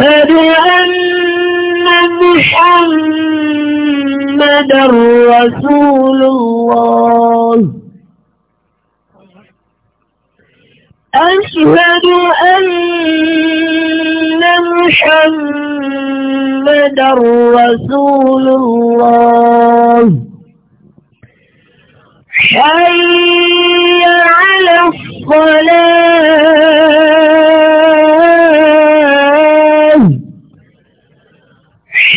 أشهد أن محمد رسول الله أشهد أن محمد رسول الله حي على الصلاة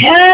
hell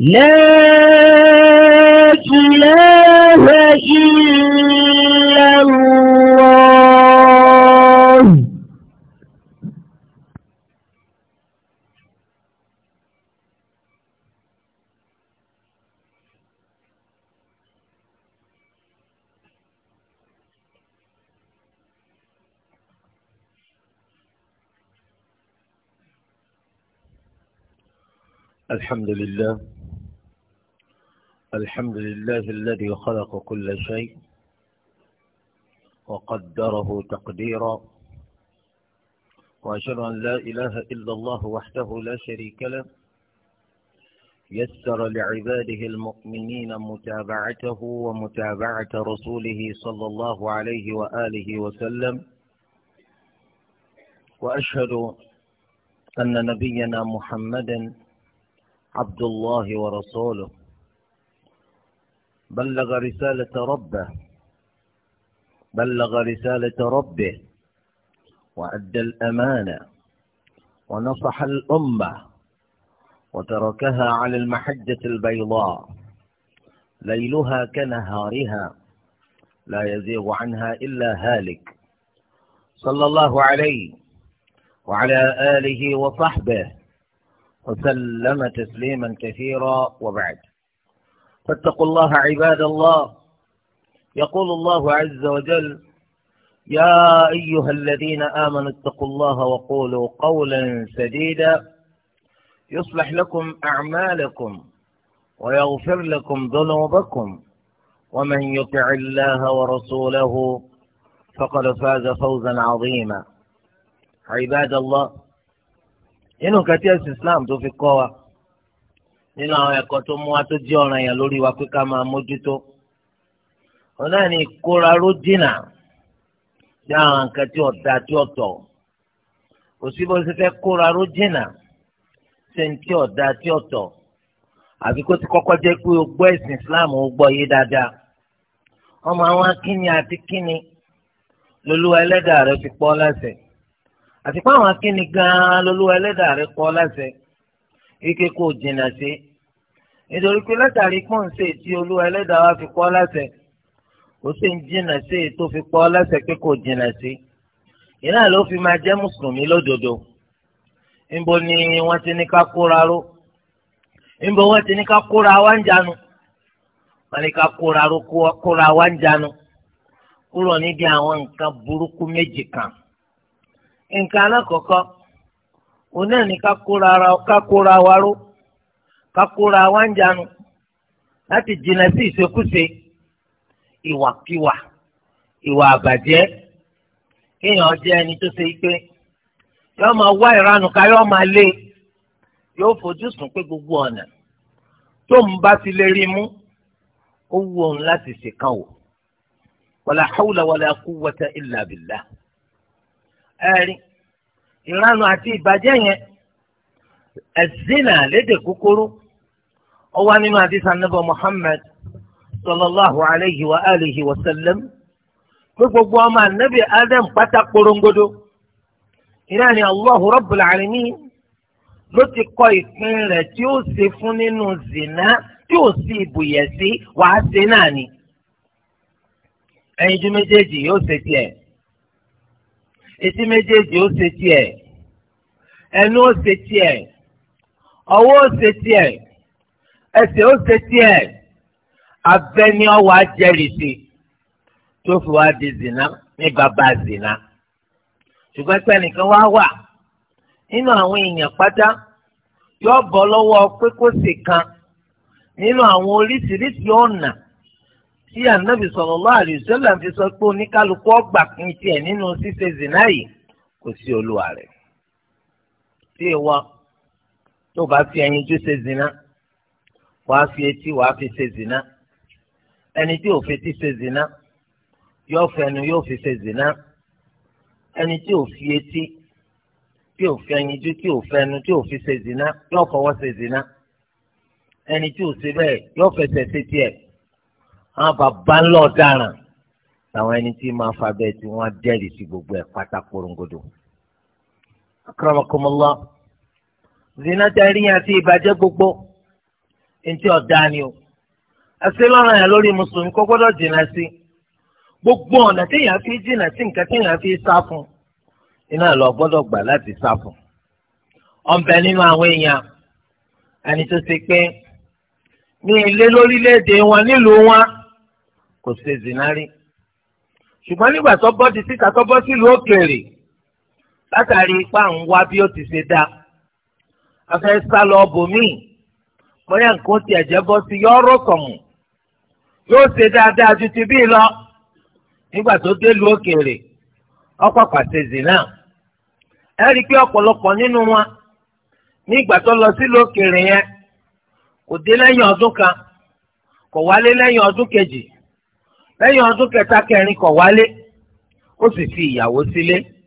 لا إله إلا الله الحمد لله الحمد لله الذي خلق كل شيء وقدره تقديرا وأشهد أن لا إله إلا الله وحده لا شريك له يسر لعباده المؤمنين متابعته ومتابعة رسوله صلى الله عليه وآله وسلم وأشهد أن نبينا محمدا عبد الله ورسوله بلغ رسالة ربه بلغ رسالة ربه وأدى الأمانة ونصح الأمة وتركها على المحجة البيضاء ليلها كنهارها لا يزيغ عنها إلا هالك صلى الله عليه وعلى آله وصحبه وسلم تسليما كثيرا وبعد فاتقوا الله عباد الله يقول الله عز وجل يا أيها الذين آمنوا اتقوا الله وقولوا قولا سديدا يصلح لكم أعمالكم ويغفر لكم ذنوبكم ومن يطع الله ورسوله فقد فاز فوزا عظيما عباد الله إنه كتير الإسلام تو في القوة nínú àwọn ẹ̀kọ́ tó mú wa tó jẹ́ ọ̀ràn yẹn lórí wa pé ká máa mójútó ọ̀nà ni ìkóra ló dínà sí àwọn nǹkan tí ọ̀dà tí ọ̀tọ̀ kò sí bó ṣe fẹ́ kóra ló dínà sí ní tí ọ̀dà tí ọ̀tọ̀ àbí kó ti kọ́kọ́ jẹ́ pé o gbọ́ ẹ̀sìn Islam o gbọ́ yé dáadáa ọmọ àwọn akínni àti kínni lolúwa ẹlẹ́dàá rẹ ti pọ́ láṣẹ àti àwọn akínni gan-an lolúwa ẹlẹ́dàá rẹ pọ́ láṣẹ ike kó jìnnà sí nítorí pé látàrí pọ́ǹsẹ̀ tí olúwa ẹlẹ́dàá wa fi kọ́ láṣẹ kò sí ń jìnnà sí ètò fi kọ́ láṣẹ pé kò jìnnà sí ìlànà ló fi máa jẹ́ mùsùlùmí lódodo níbo ni wọ́n ti ní ká kóra ró níbo wọ́n ti ní ká kóra wá ń jánu wọ́n ní ká kóra ró kóra wá ń jánu kúrò nídìí àwọn nǹkan burúkú méjì kan nǹkan alákọ̀ọ́kọ́. òun náà ní kákóra wa ró kákóra wa ń janu láti jìnnà sí ìṣekúṣe ìwàkiwà ìwà àbàjẹ́ kéèyàn jẹ́ ẹni tó ṣe pé yóò máa wá ìranù ká yóò máa lé yóò fojú sùn pé gbogbo ọ̀nà tó ń bá ti lè rí mú ó wù òun láti ṣèkan wò wàlà hàwùlà wàlà kú ẹ rí ìranu àti ìbàjẹ́ yẹn ẹ̀zínà lédè kúkúrú ó wà nínú àdìsí anábọ̀ Muhammad sallallahu alayhi wa alihi wa sallam pé gbogbo ọmọ anábì Adam pátá korongodo iná ni Allahu rabbul alamin ló ti kọ ìpín rẹ̀ tí ó ṣe fún nínú zina tí ó sì ibùyẹ̀ sí wàá ṣe náà ni ẹyinjú méjèèjì yóò ṣe tiẹ̀ etí méjèèjì yóò ṣe tiẹ̀ ẹnu ose ṣe tiẹ̀ ọwọ́ ó ṣe tiẹ̀ ẹsẹ̀ ó ṣe tiẹ̀ tó zina ní baba zina ṣùgbọ́n pé ẹnìkan wá wà nínú àwọn èèyàn pátá yóò bọ́ lọ́wọ́ kan nínú àwọn oríṣiríṣi ọ̀nà tí ànábì sallallahu alaihi wasallam fi sọ pé oníkálukú ọgbà kìí tiẹ̀ nínú ṣíṣe zina yìí kò sí tí ìwọ tó bá fi ẹyin tó ṣe zina wàá fi etí wàá fi ṣe zina ẹni tí ò fetí ṣe zina yóò fẹnu yóò fi ṣe zina ẹni tí ò fi etí tí ò fẹyinjú tí ò fẹnu tí ò fi ṣe zina yóò fọwọ́ ṣe zina ẹni tí ò ṣe bẹ́ẹ̀ yóò fẹsẹ̀ ṣe tiẹ̀ àwọn bàbá ńlọ ọ̀daràn làwọn ẹni tí máa fa bẹ́ẹ̀ tí wọ́n á dẹ́rìí sí gbogbo ẹ̀ pátá korongodo. akramakumullah zina tẹ̀rí ti ìbàjẹ́ gbogbo ntí ọ̀dà ni o àṣẹ lọ́rùn yẹn lórí mùsùlùmí kó gbọ́dọ̀ jìnnà sí gbogbo ọ̀nà téèyàn fi jìnnà sí nǹkan téèyàn fi sá fún iná lọ gbọdọ gbà láti sá fún nínú àwọn èèyàn ẹni tó pé ní ilé wọn nílùú wọn kò ṣe zina rí ṣùgbọ́n nígbà tó bọ́ di síta tó látàrí ipá ń wá bí ó ti ṣe dá afẹ́ sá lọ bòmíì bóyá nǹkan ti ẹ̀jẹ̀ bọ́ sí yọ ọ́rọ́ sọ̀mù yóò ṣe dáadáa ju ti bíi lọ nígbà tó dé lu òkèèrè ọ̀pọ̀ pàṣẹ zina ẹ rí i pé ọ̀pọ̀lọpọ̀ nínú wọn nígbà tó lọ sí lókèèrè yẹn kò dé lẹ́yìn ọdún kan kò wálé lẹ́yìn ọdún kejì lẹ́yìn ọdún kẹta kẹrin kò wálé ó sì fi ìyàwó sílé. Si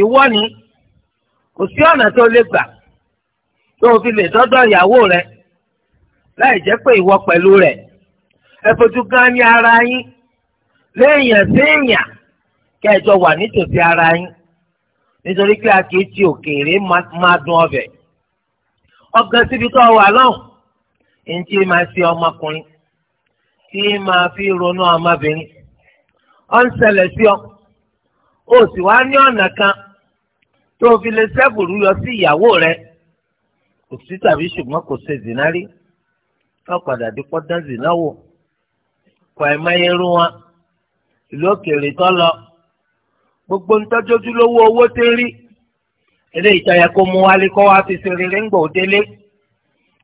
ìwọ ni kò sí ọ̀nà tó lè gbà tó o fi dọ́dọ̀ ìyàwó rẹ láì jẹ́ pé ìwọ pẹ̀lú rẹ̀ ẹ fojú gan ní ara yín léèyàn séèyàn kẹjọ wà nítòsí ara yín nítorí pé a kì í ti òkèèrè máa ọbẹ̀ ọgàn síbi tó wà máa ṣe ọmọkùnrin tí máa fi ronú ọmọbìnrin ọ̀ ń ṣẹlẹ̀ ọ. o sì wá ní ọ̀nà kan tó fi lè sẹ́bùrú yọ sí ìyàwó rẹ kò sí tàbí ṣùgbọ́n kò ṣe zìnà rí wọ́n padà dé zìnà wò kọ rú wọn ìlú òkèèrè gbogbo ntọ́jọ́jú lówó owó tó rí eléyìí tó kó mu wálé kó wá fi ṣe rere ń gbò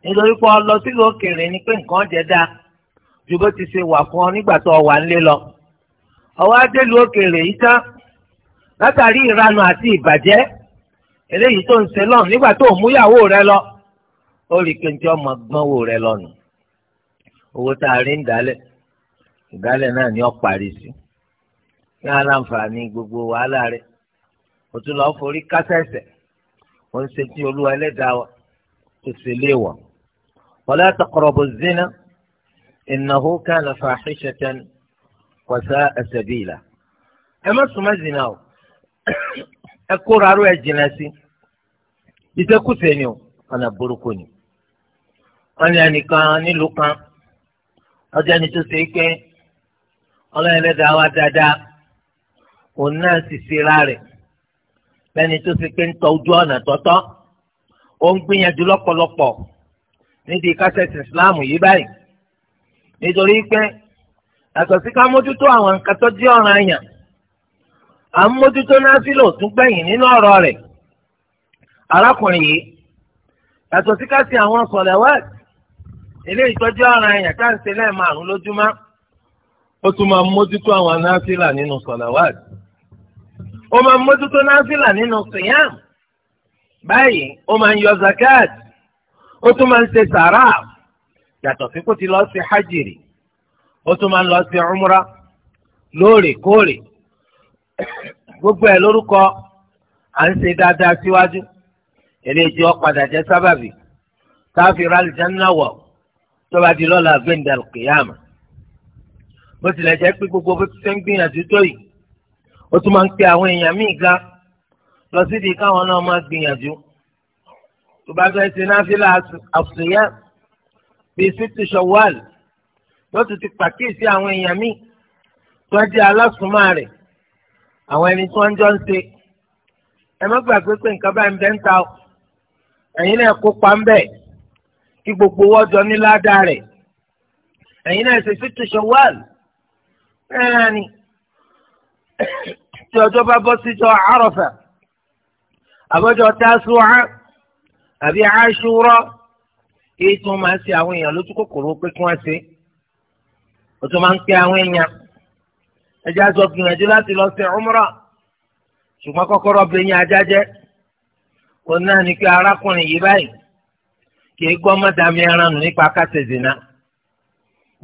nítorí pé ọ sílùú òkèèrè ni pé nǹkan jẹ dáa ti ṣe wà fún ọ nígbà tó ọ wà ń lé lọ ọwọ́ adélu òkèèrè yìí tán látàrí ìranu àti ìbàjẹ́ eléyìí tó ń ṣe lọ́nù nígbà tó mú ìyàwó rẹ lọ ó rí kéńtì ọmọ gbọ́nwó rẹ lọ́nù owó tá a rí ń dálẹ̀ ìdálẹ̀ náà ni ó parí sí ní aláǹfààní gbogbo wàhálà rẹ ó tún lọ forí kásẹ̀sẹ̀ ó ń ṣe tí olúwa ẹlẹ́dàá wa tó ṣe léèwọ̀ wala taqrabu zina innahu kana fahishatan wa sa'a sabila ẹ má súnmọ́ zina o. ẹ kóra aró ẹ jìnnà sí ìṣekúṣe ni o ọ̀nà burúkú ni ẹnìkan nílùú kan ọjọ́ ẹni tó ṣe pé ọlọ́run lẹ́dàá wá dáadáa òun náà sì ṣera ọ lẹ́ni tó ṣe pé ń tọ ojú ọ̀nà tọ́tọ́ ó ń gbìyànjú lọ́pọ̀lọpọ̀ kásẹ̀tì yìí báyìí nítorí pé mójútó àwọn nǹkan tó jẹ́ àmójútó násìlò tún gbẹ̀yìn nínú ọ̀rọ̀ rẹ̀ arákùnrin yìí yàtọ̀ sí káṣí àwọn sọ̀lẹ̀wẹ́t ilé ìtọ́jú ara èèyàn tá à ń ṣe lẹ́ẹ̀márùn lójúmọ́ ó tún máa mójútó àwọn násìlà nínú sọ̀lẹ̀wẹ́t ó máa mójútó násìlà nínú sìyàm báyìí ó máa ń yọ zakat ó tún máa ń ṣe sàrà yàtọ̀ sí ti lọ sí hajjiri ó tún máa ń lọ sí umra lóòrèkóòrè gbogbo ẹ̀ lórúkọ à ń ṣe dáadáa síwájú eléjì ọ̀padà jẹ́ sábàbí káfíńrà àlìjáná wọ̀ tó bá di lọ́la gbẹ̀ǹdà kìyàmù bó tilẹ̀ jẹ́ pé gbogbo bó ti fẹ́ ń gbìyànjú tó yìí ó tún máa ń pe àwọn èèyàn míì ga lọ síbi káwọn náà máa gbìyànjú tó bá fẹ́ ṣe náfìlà àṣùyá bíi sítì ṣọwọ́ọ̀lì ló ti ti pàkíyèsí àwọn èèyàn míì tó jẹ́ alásùnmọ́ rẹ̀ àwọn ẹni tí wọ́n jọ ń ṣe ẹ má gbàgbé pé nǹkan báyìí ń bẹ́ ń ta ọ ẹ̀yin náà kópa ń bẹ̀ kí gbogbo owó ọjọ́ ní ládàá rẹ̀ ẹ̀yin náà ṣe fìtì ṣọwọ́ọ̀lù náà ni tí ọjọ́ bá bọ́ síjọ́ àròfà àbọ̀jọ́ tásùwà àbí àṣúrọ̀ èyí tí wọ́n máa ń ṣe àwọn èèyàn lójú kòkòrò pé kí wọ́n ṣe ó tún máa ń pẹ́ àwọn èèyàn ẹjẹ́ aṣọ gbìyànjú láti lọ sí ọmụra. ṣùgbọ́n kọ́kọ́rọ́ bẹ yín ajá jẹ́ òun náà ní pé arákùnrin yìí báyìí kìí gbọ́ mọ́dàmí ẹran nípa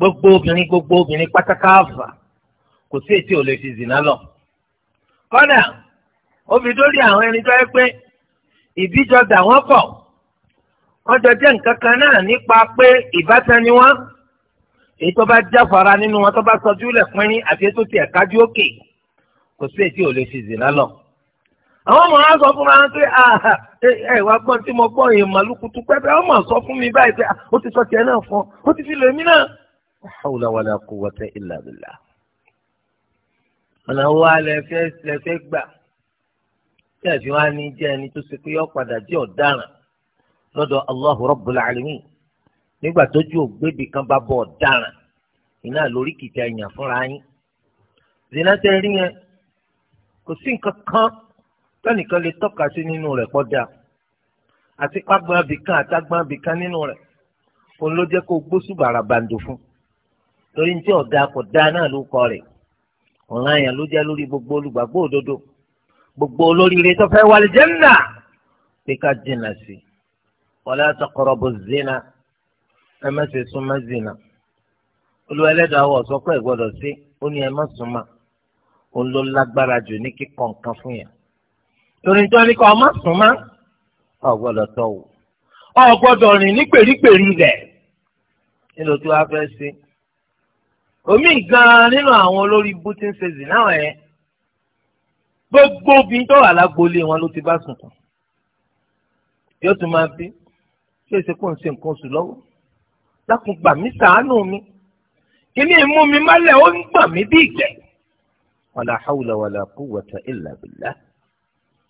gbogbo obìnrin gbogbo obìnrin pátákà àfà kò sí ètí ò lè fi zina lọ. Kọna, ó àwọn ẹni tó yẹ pé ìbíjọ dà wọ́n pọ̀ wọ́n jọ jẹ́ èyí tó bá jáfara nínú wọn tó bá sọjú lẹ̀ pínrín àti ètò tiẹ̀ kájú òkè kò sí èyí tí ò lè fi zìnà lọ. àwọn ọmọ wa sọ fúnra wọn pé ah, ẹ wá gbọ́ tí mo gbọ́ yìí màlúkutù pẹ́pẹ́ ọmọ sọ fún mi báyìí pé ah, ó ti sọ tiẹ̀ náà fún ọ ó ti fi lò mí náà. hawla wala quwwata illa billah. ọ̀nà wa lẹ́fẹ́ lẹ́fẹ́ gbà tí àfi wá ní jẹ́ ẹni tó ṣe pé yọ jẹ́ ọ̀daràn lọ́dọ̀ Allahu Rabbul Alamin nígbà tójú ògbébì kan bá bọ̀ ọ̀daràn iná lórí kìtà èèyàn fúnra yín zina tẹ rí yẹn kò sí nǹkan kan tẹnìkan lè tọ́ka sí nínú rẹ̀ kọjá àti pàgbọ́n abìkan àtàgbọ́n abìkan nínú rẹ̀ òun ló jẹ́ kó gbósù bàrà bàǹdò fún torí ní tí ọ̀gá kò dá náà ló kọ rẹ̀ ọ̀ràn yẹn ló jẹ́ lórí gbogbo olùgbàgbọ́ òdodo gbogbo olóríire tó fẹ́ wà lè jẹ́ nà pé ká jìnnà sí wala taqrabu zina ẹ má ṣe súnmọ́ zina olúwa ẹlẹ́dàá wọ̀ sọ pé ìgbọ́dọ̀ sí ó ní ẹ má súnmọ́ òun ló lágbára jù ní kíkọ́ nǹkan fún yàn torí tó ní kọ́ ọ má súnmọ́ ọ gbọ́dọ̀ tọ̀ wò ọ gbọ́dọ̀ rìn ní pèrípèrí rẹ̀ nílò tí wàá fẹ́ sí omi gan-an nínú àwọn olórí ibú tí ń ṣe zina yẹn gbogbo obìnrin tó wà lágboolé wọn ló ti bá sùn kàn yóò tún máa bí ṣé èsì kò ń ṣe nǹkan oṣù lọ́wọ́ dákun gbà mí ṣàánú mi kíní ìmú mi mọ́lẹ̀ ó ń gbọ̀n mí bí ìgbẹ́. wàlà hàwùlà wàlà quwwata illa billah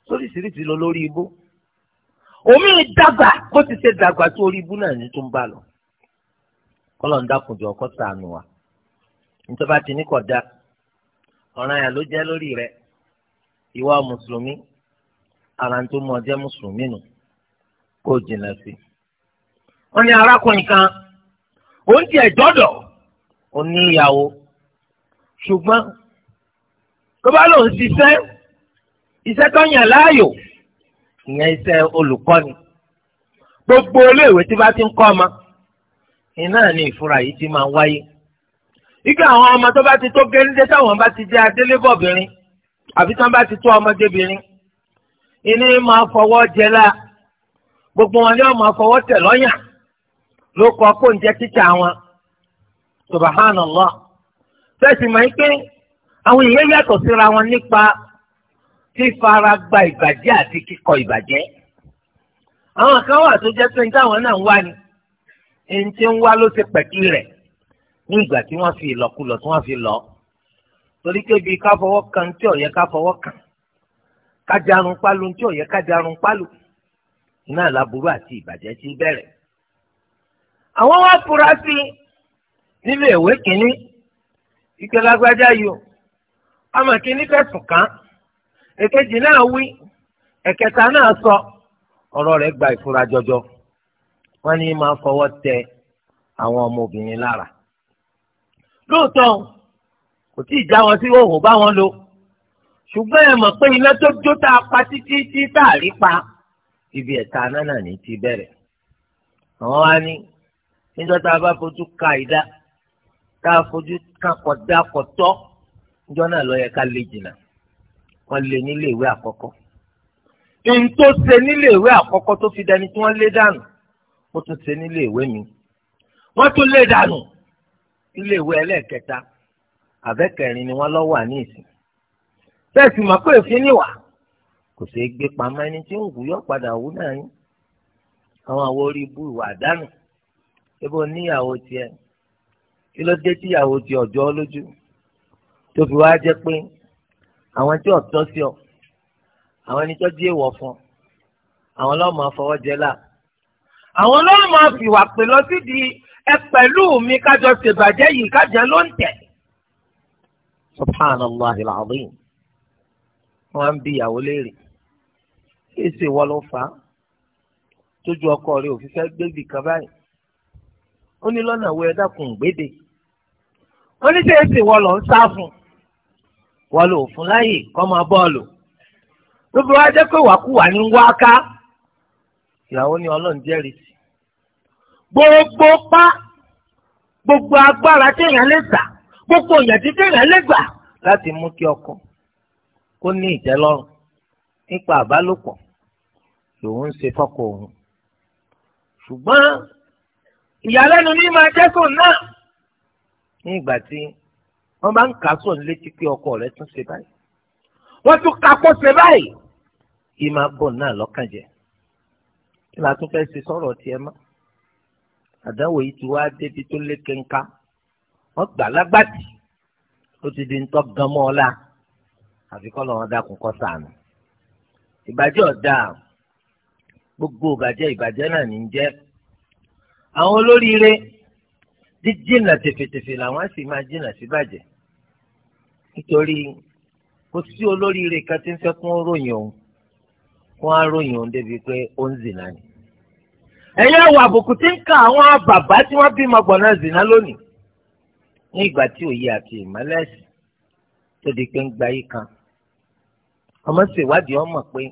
sóríṣiríṣi lọ lórí ibú omi dàgbà bó ti ṣe dàgbà tó orí ibú náà ní tó ń bá lọ kọ́lọ̀ ń dákun ọkọ́ ṣàánú wa nítorí bá ti ní kọ̀ da ọ̀ràn yà ló jẹ́ lórí rẹ̀ ìwà mùsùlùmí ara tó mọ̀ jẹ́ mùsùlùmí nù kó jìnnà sí. wọ́n ní arákùnrin kan ó ń tiẹ̀ jọ́dọ̀ ó ní ìyàwó ṣùgbọ́n tó bá lòun ṣiṣẹ́ iṣẹ́ tó yàn láàyò ìyẹn iṣẹ́ olùkọ́ni gbogbo iléèwé tí bá ti ń kọ́ ọmọ iná ni ìfura yìí ti máa ń wáyé igi àwọn ọmọ tó bá ti tó géńdé táwọn bá ti jẹ́ adélébọ̀bìnrin àbí tán bá ti tó ọmọdébìnrin iná máa fọwọ́ jẹ láà gbogbo wọn ni wọn máa fọwọ́ tẹ̀ lọ́yàn ló kọ́ kó ń awọn tíṣà wọn subhanallah fẹ́ẹ̀sì mọ̀ ẹ́ pé àwọn èèyàn yàtọ̀ síra wọn nípa fífara gba ìbàjẹ́ àti kíkọ ìbàjẹ́ àwọn kan wà tó jẹ́ pé na nwa náà ń wá ni peki re ń wá ti pẹ̀kí fi ìlọkulọ̀ tí wọn fi lọ torí bi ká kan tí ká kan pálu tí pálu iná làbúrò àti ti bẹ̀rẹ̀ àwọn wá fura sí nínú ìwé kínní ike lágbájá yìí o ọmọ kínní fẹ̀sùn kàn èkejì náà wí ẹ̀kẹta náà sọ ọ̀rọ̀ rẹ̀ gba ìfura jọjọ wọ́n ní máa fọwọ́ tẹ àwọn ọmọbìnrin lára lóòótọ́ kò tí ì já wọn sí òhò bá wọn lò ṣùgbọ́n ẹ mọ̀ pé iná tó jó tá a pa títí tí tá a rí pa ibi ẹ̀ta náà ní ti bẹ̀rẹ̀ àwọn wá ní níjọ́ tá a bá fojú ka ìdá tá a fojú ka kọ̀dá kọ̀tọ́ níjọ́ náà lọ yẹ ká lè jìnnà wọ́n lè nílé ìwé àkọ́kọ́. n tó ṣe nílé ìwé àkọ́kọ́ tó fi dání tí wọ́n lé dànù ó tún ṣe nílé ìwé mi wọ́n tún lé dànù nílé ìwé ẹlẹ́ẹ̀kẹta àbẹ́kẹrin ni wọ́n lọ wà ní ìsìn tẹ́sí mọ̀ pé èéfín níwà kò ṣeé gbé pamọ́ ẹni tí ń wù yọ́ padà wù náà yín àwọn àwọn orí ibú ìwà àdánù ebo níyàwó tiẹ̀ kí ló dé tíyàwó tiẹ̀ ọjọ́ lójú tó fi wá jẹ́ pé àwọn tí ò tọ́ sí ọ àwọn ẹni tó dé èèwọ̀ fún ọ àwọn lọ́mọ afọwọ́jẹ là àwọn lọ́mọ fìwà pè lọ sídìí ẹ pẹ̀lú mi kájọ ṣèbàjẹ́ yìí kájọ ló ń tẹ̀. subhanallah alazim wọn á ìyàwó léèrè kí èsì ìwọ ló fà á tójú ọkọ rẹ òfin fẹ́ kan báyìí ó ní lọ́nà wo ẹ̀dá kùn gbéde wọ́n ní lọ ń sá fún wọ́n lò fún láyè kọ́ máa bọ́ọ̀lù wá jẹ́ pé wàkúwà wá ká ìyàwó ni ọlọ́run jẹ́rìí sí gbogbo pa gbogbo agbára téèyàn lè gbà gbogbo ìyàtí lè gbà láti mú kí ọkọ kó ní ìtẹ́lọ́rùn nípa àbálòpọ̀ lòun ń fọ́kọ ìyàlẹ́nu ní máa jẹ́sùn náà. nígbà tí wọ́n bá ń kà sọ̀ létí pé ọkọ rẹ̀ tún ṣe báyìí wọ́n tún kà kó ṣe báyìí ìmọ̀ bọ̀ náà lọ́kàn jẹ́ kí la tún fẹ́ ṣe sọ̀rọ̀ tiẹ̀ mọ́ àdáwò yìí ti wá débi tó lé kẹ́ńká wọ́n gbà lágbàdì ó ti di ńtọ́ gan mọ́ ọ àfi kọ́ lọ́wọ́ dákun kọ́ sànù ìbàjẹ́ ọ̀dà gbogbo ìbàjẹ́ ìbàjẹ́ àwọn olóríire jíjìnà tẹ̀fẹ̀tẹ̀fẹ̀ làwọn sì máa jìnà sí bàjẹ́ nítorí kò sí olóríire kan tí ń fẹ́ kún ròyìn òun kún aróyìn òun débi pé ó ń zìnà ni. ẹ̀yẹ́ àwọn àbùkù tí ń ka àwọn bàbá tí wọ́n bímọ gbọ̀nà zìnà lónìí ní ìgbà tí òye àti ìmọ̀lẹ́sì tó di pé ń gba yí kan ọmọ ṣèwádìí ọmọ pé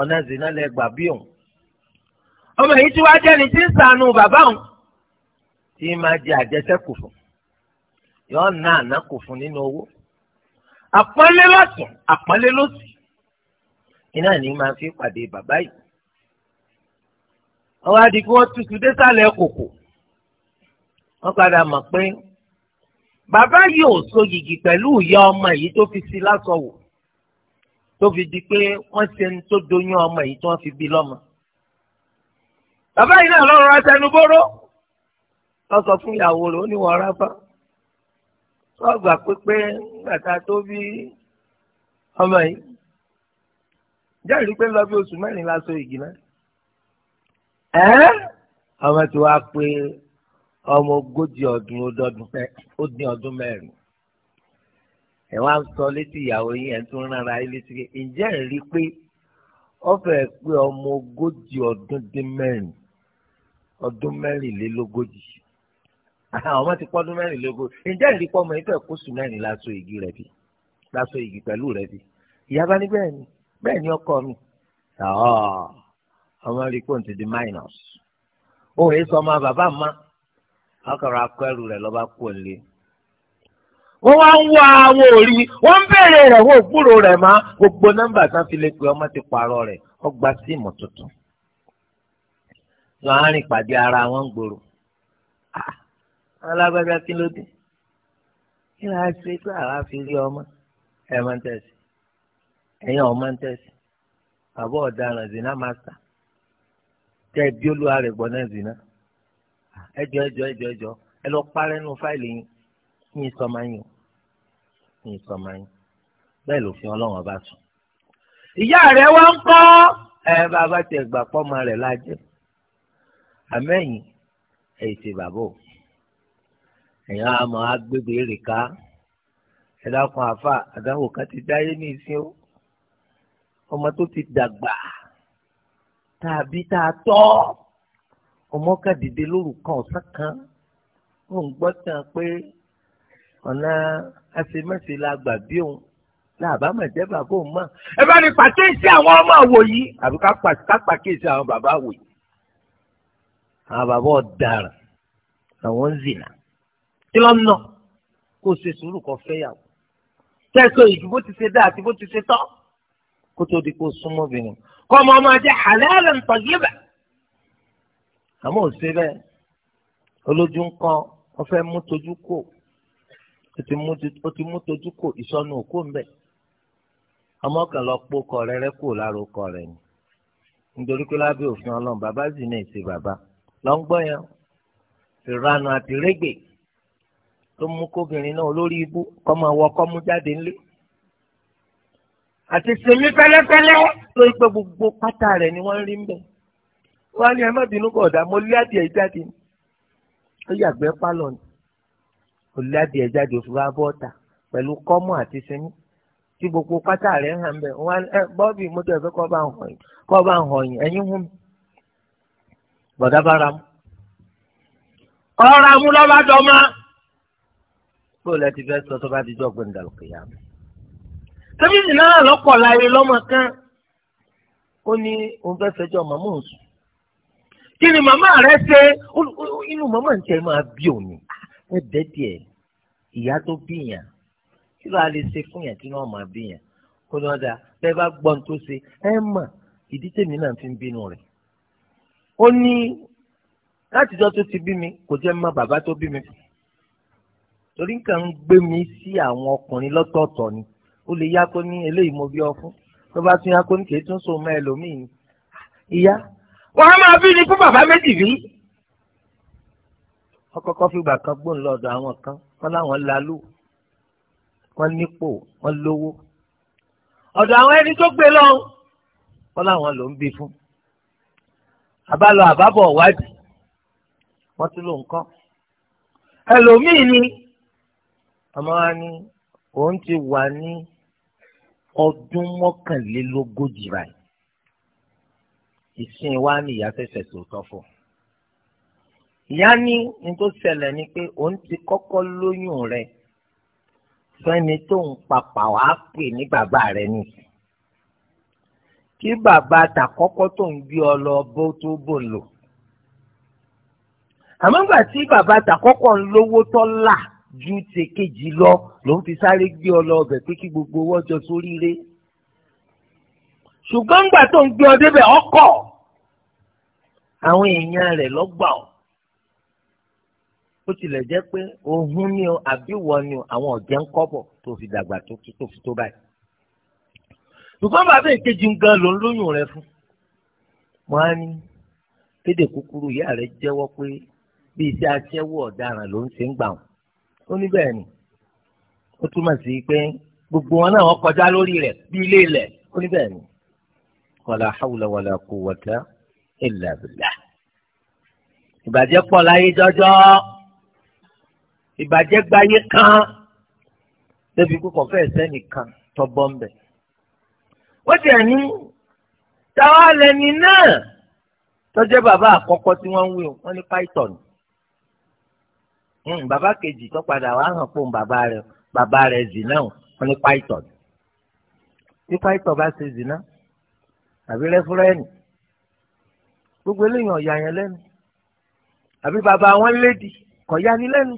ọ̀nà zìnà lẹ gbà bí òun ọmọ yìí tí wàá jẹ́ni tí ń sànù bàbá òun tí máa jẹ àjẹsẹ́kù fún yọ̀ọ́ na ànákù fún nínú owó àpọ́nlé lọ́sùn àpọ́nlé lọ́sì iná ní máa fi pàdé bàbá yìí ọwọ́ adigun wọn tutù désàlẹ̀ kòkò wọ́n padà mọ̀ pé bàbá yìí ò so yìgì pẹ̀lú ìyá ọmọ yìí tó fi sí lásọ̀wò tó fi di pé wọ́n ṣe ń tó doyún ọmọ yìí tí wọ́n fi bí lọ́mọ bàbá yìí náà lọ́rọ̀ atẹnubóró wọ́n sọ fún ìyàwó rẹ̀ ó ní wọ́n rábà wọ́n gbà pépé gbàtà tó bí ọmọ yìí jẹ́rìí pé lọ bí oṣù mẹ́rin lásán ìgì náà ẹ́ ọmọ tí wàá pé ọmọ ogójì ọdún ó dín ọdún mẹ́rin ẹ wá ń sọ létí ìyàwó yín ẹ tún rárá yín létí ǹjẹ́ ẹ rí i pé ọ fẹ́ pé ọmọ ogójì ọdún dín mẹ́rin ọdún mẹ́rìnlélógójì àwọn ọmọ ti pọ́ ọdún mẹ́rìnlélógójì ǹjẹ́ ìrìkọ́ ọmọ ìfẹ́ kó sùn mẹ́rin láṣọ igi rẹ̀ bí láṣọ igi pẹ̀lú rẹ̀ bí ìyá bá ní bẹ́ẹ̀ ni bẹ́ẹ̀ ni ọkọ mi ọmọ ìrìkọ́ ti di minus òun èso ọmọ bàbá ma ọkọ̀rọ̀ akọ ẹrù rẹ̀ lọ́ba kú ọ̀lẹ́ wọ́n wá ń wá àwọn òrí wọ́n ń bẹ̀rẹ̀ rẹ̀ wọ́n ò gbúrò rẹ̀ má gbogbo nọ́mbà tán fi lè pè ọmọ ti pààrọ̀ rẹ̀ ọgbà síìmù tuntun lọ àárín pàdé ara wọn gbòòrò alágbádá kí ló dé kí ló á ṣe pé àwa fi rí ọmọ ẹ máa ń tẹ̀sí ẹ̀yin ọmọ ń tẹ̀sí bàbá ọ̀daràn zina master tẹ bí olúwa rẹ̀ gbọ́ náà zina ẹjọ́ ẹjọ́ ẹjọ́ ẹjọ́ ẹ lọ parẹ́ nu fáìlì yín yín sọmọ yín o yín sọmọ yín bẹ́ẹ̀ lòfin ọlọ́run ọba sùn. ìyá rẹ̀ wá ń kọ́ ẹ bàbá tiẹ̀ gbà pọ́ ọmọ rẹ̀ lájẹ́ àmẹ́yìn èyí ti bàbá o èèyàn á máa gbégbé rè ká ẹ dákun àáfà àdáwò kan ti dáyé ní ìsín o ọmọ tó ti dàgbà tàbí tá a tọ́ ọmọ kan dìde lóru kan ọ̀sán kan ó ń gbọ́ tán pé ọ̀nà àṣemẹ́sẹ̀ la gbà bí òun làbá mà jẹ́ bàbá òun mọ̀ ẹ bá ní pàkíyèsí àwọn ọmọ àwò yìí àbí ká pàkíyèsí àwọn bàbá àwò yìí àwọn bàbá ọ̀daràn àwọn ń zìnà kí ló ń nà kó o ṣe sùúrù kó fẹ́yàwó tẹ́sọ̀ ìjù bó ti ṣe dá àti bó ti ṣe tọ́ kó tó di kó súnmọ́ obìnrin kọ́ ọmọ ọmọ ajẹ́ àlẹ́rẹ̀ ń tọ́jú ibà àmọ́ ò ṣe bẹ́ẹ̀ olójú ń kan wọ́n fẹ́ kò ó ti mú kò ìsọnù òkú ń ọmọ kan lọ pọ̀ kọ rẹ́rẹ́ kò lára ọkọ ni nítorí pé lábẹ́ òfin ọlọ́run bàbá zì náà bàbá lọ́ngbọ́n yẹn ìranù àti rẹ́gbẹ̀ tó mú kóbìnrin náà lórí ibú kọ́ máa wọ kọ́ mú jáde ńlé àti sinmi pẹ̀lẹ́pẹ̀lẹ́ ló ń pe gbogbo pátá rẹ̀ ni wọ́n rí ń bẹ̀ wọ́n á ní ẹ má bínú kọ̀ ọ̀dà mo lé adìẹ jáde ó yàgbẹ́ pálọ̀ ni mo lé adìẹ jáde òfurufú abọ́ ọ̀tà pẹ̀lú kọ́mú àti sinmi tí gbogbo pátá rẹ̀ hàn bẹ̀ wọ́n á ní bọ́ọ̀bì bọ̀dá bá ra mú. ọ̀rọ̀ amú lọ́ba dọ́mọ. bóòlù ẹ ti fẹ́ sọ tó bá ti jọ́ gbẹ̀ǹdà lókè yá mi. sẹ́fíìsì náà lọ́pọ̀ láyé lọ́mọ kan ó ní òun fẹ́ fẹjọ́ màmá òun sùn. kí ni màmá rẹ ṣe inú màmá ń tẹ máa bí òní ẹ bẹ́ẹ̀ tiẹ̀ ìyá tó bíyàn kí ló a lè ṣe fún yàn tí wọ́n máa bíyàn kó ní wọ́n dà bẹ́ẹ̀ bá gbọ́n tó ṣe ẹ mọ̀ ìdí tèmi náà fi ń bínú rẹ̀ ó ní látijọ́ tó ti bí mi kò jẹ́ mọ bàbá tó bí mi torí nǹkan ń gbé mi sí àwọn ọkùnrin lọ́tọ̀ọ̀tọ̀ ni ó lè yá kó ní eléyìí mo bí ọ fún tó bá tún yá kó ní kì í tún so mọ́ ẹlòmíì ìyá wọn á máa bí ni fún bàbá méjì bí. wọ́n kọ́kọ́ fìgbà kan gbóhùn lọ́dọ̀ àwọn kan wọ́n láwọn lalú wọ́n nípò wọ́n lówó ọ̀dọ̀ àwọn ẹni tó gbé lọ́hùn wọ́n láwọn ló ń bí fún àbálọ àbábọ̀ wádìí wọ́n ti lo nǹkan. ẹlòmíì ni ọmọ wa ní òun ti wà ní ọdún mọ́kànlélógójì báyìí ìsìn wa ni ìyá fẹ́fẹ́ sòótọ́ fún un. ìyá ní ní tó ṣẹlẹ̀ ni pé òun ti kọ́kọ́ lóyún rẹ̀ fẹ́ni tó ń papà wàá pè ní bàbá rẹ̀ nìyí kí bàbá tàkọ́kọ́ tó ń gbé ọ lọ bó tó bò ń lò àmọ́ gbà tí bàbá tàkọ́kọ́ ń lówó tọ́ là ju tèkejì lọ ló ń fi sáré gbé ọ lọ ọbẹ̀ pé kí gbogbo owó jọ sórí rẹ̀ ṣùgbọ́n gbà tó ń gbé ọ débẹ̀ ọkọ̀ àwọn èèyàn rẹ̀ lọ́gbà ọ́ ó tilẹ̀ jẹ́ pé òun ni àbí ni àwọn ọ̀jẹ̀ ń kọ́ bọ̀ tó fi dàgbà tó fi tó báyìí ṣùgbọ́n bàbá ìkejì ń gan ló ń lóyún rẹ fún. wọ́n á ní kéde kúkúrú ìyá rẹ̀ jẹ́wọ́ pé bí iṣẹ́ aṣẹ́wó ọ̀daràn ló ń ṣe ń gbà wọ́n. ó ní bẹ́ẹ̀ ni ó túmọ̀ sí pé gbogbo wọn náà wọ́n kọjá lórí rẹ̀ bí ilé ilẹ̀ ó ní bẹ́ẹ̀ ni. wàlà hàwùlà wàlà kò wọ̀tá ìlà ìbàjẹ́ pọ̀ láyé jọjọ́ ìbàjẹ́ gbayé kan débi kúkọ̀ fẹ́ẹ̀ sẹ́nìkan tọ́ bọ́m̀bẹ̀ ó tiẹ̀ ní táwa lẹni náà tọ́jọ́ bàbá àkọ́kọ́ tí wọ́n ń wí wọ́n ní python hmm, bàbá kejì tó padà wà hàn fún bàbá rẹ̀ bàbá rẹ̀ zina wọ́n ní python tí python bá ṣe zina àbí rẹ́fúrẹ́nì gbogbo eléyìí ọ̀yà yẹn lẹ́nu àbí bàbá wọn lédi kọ̀ yá ni lẹ́nu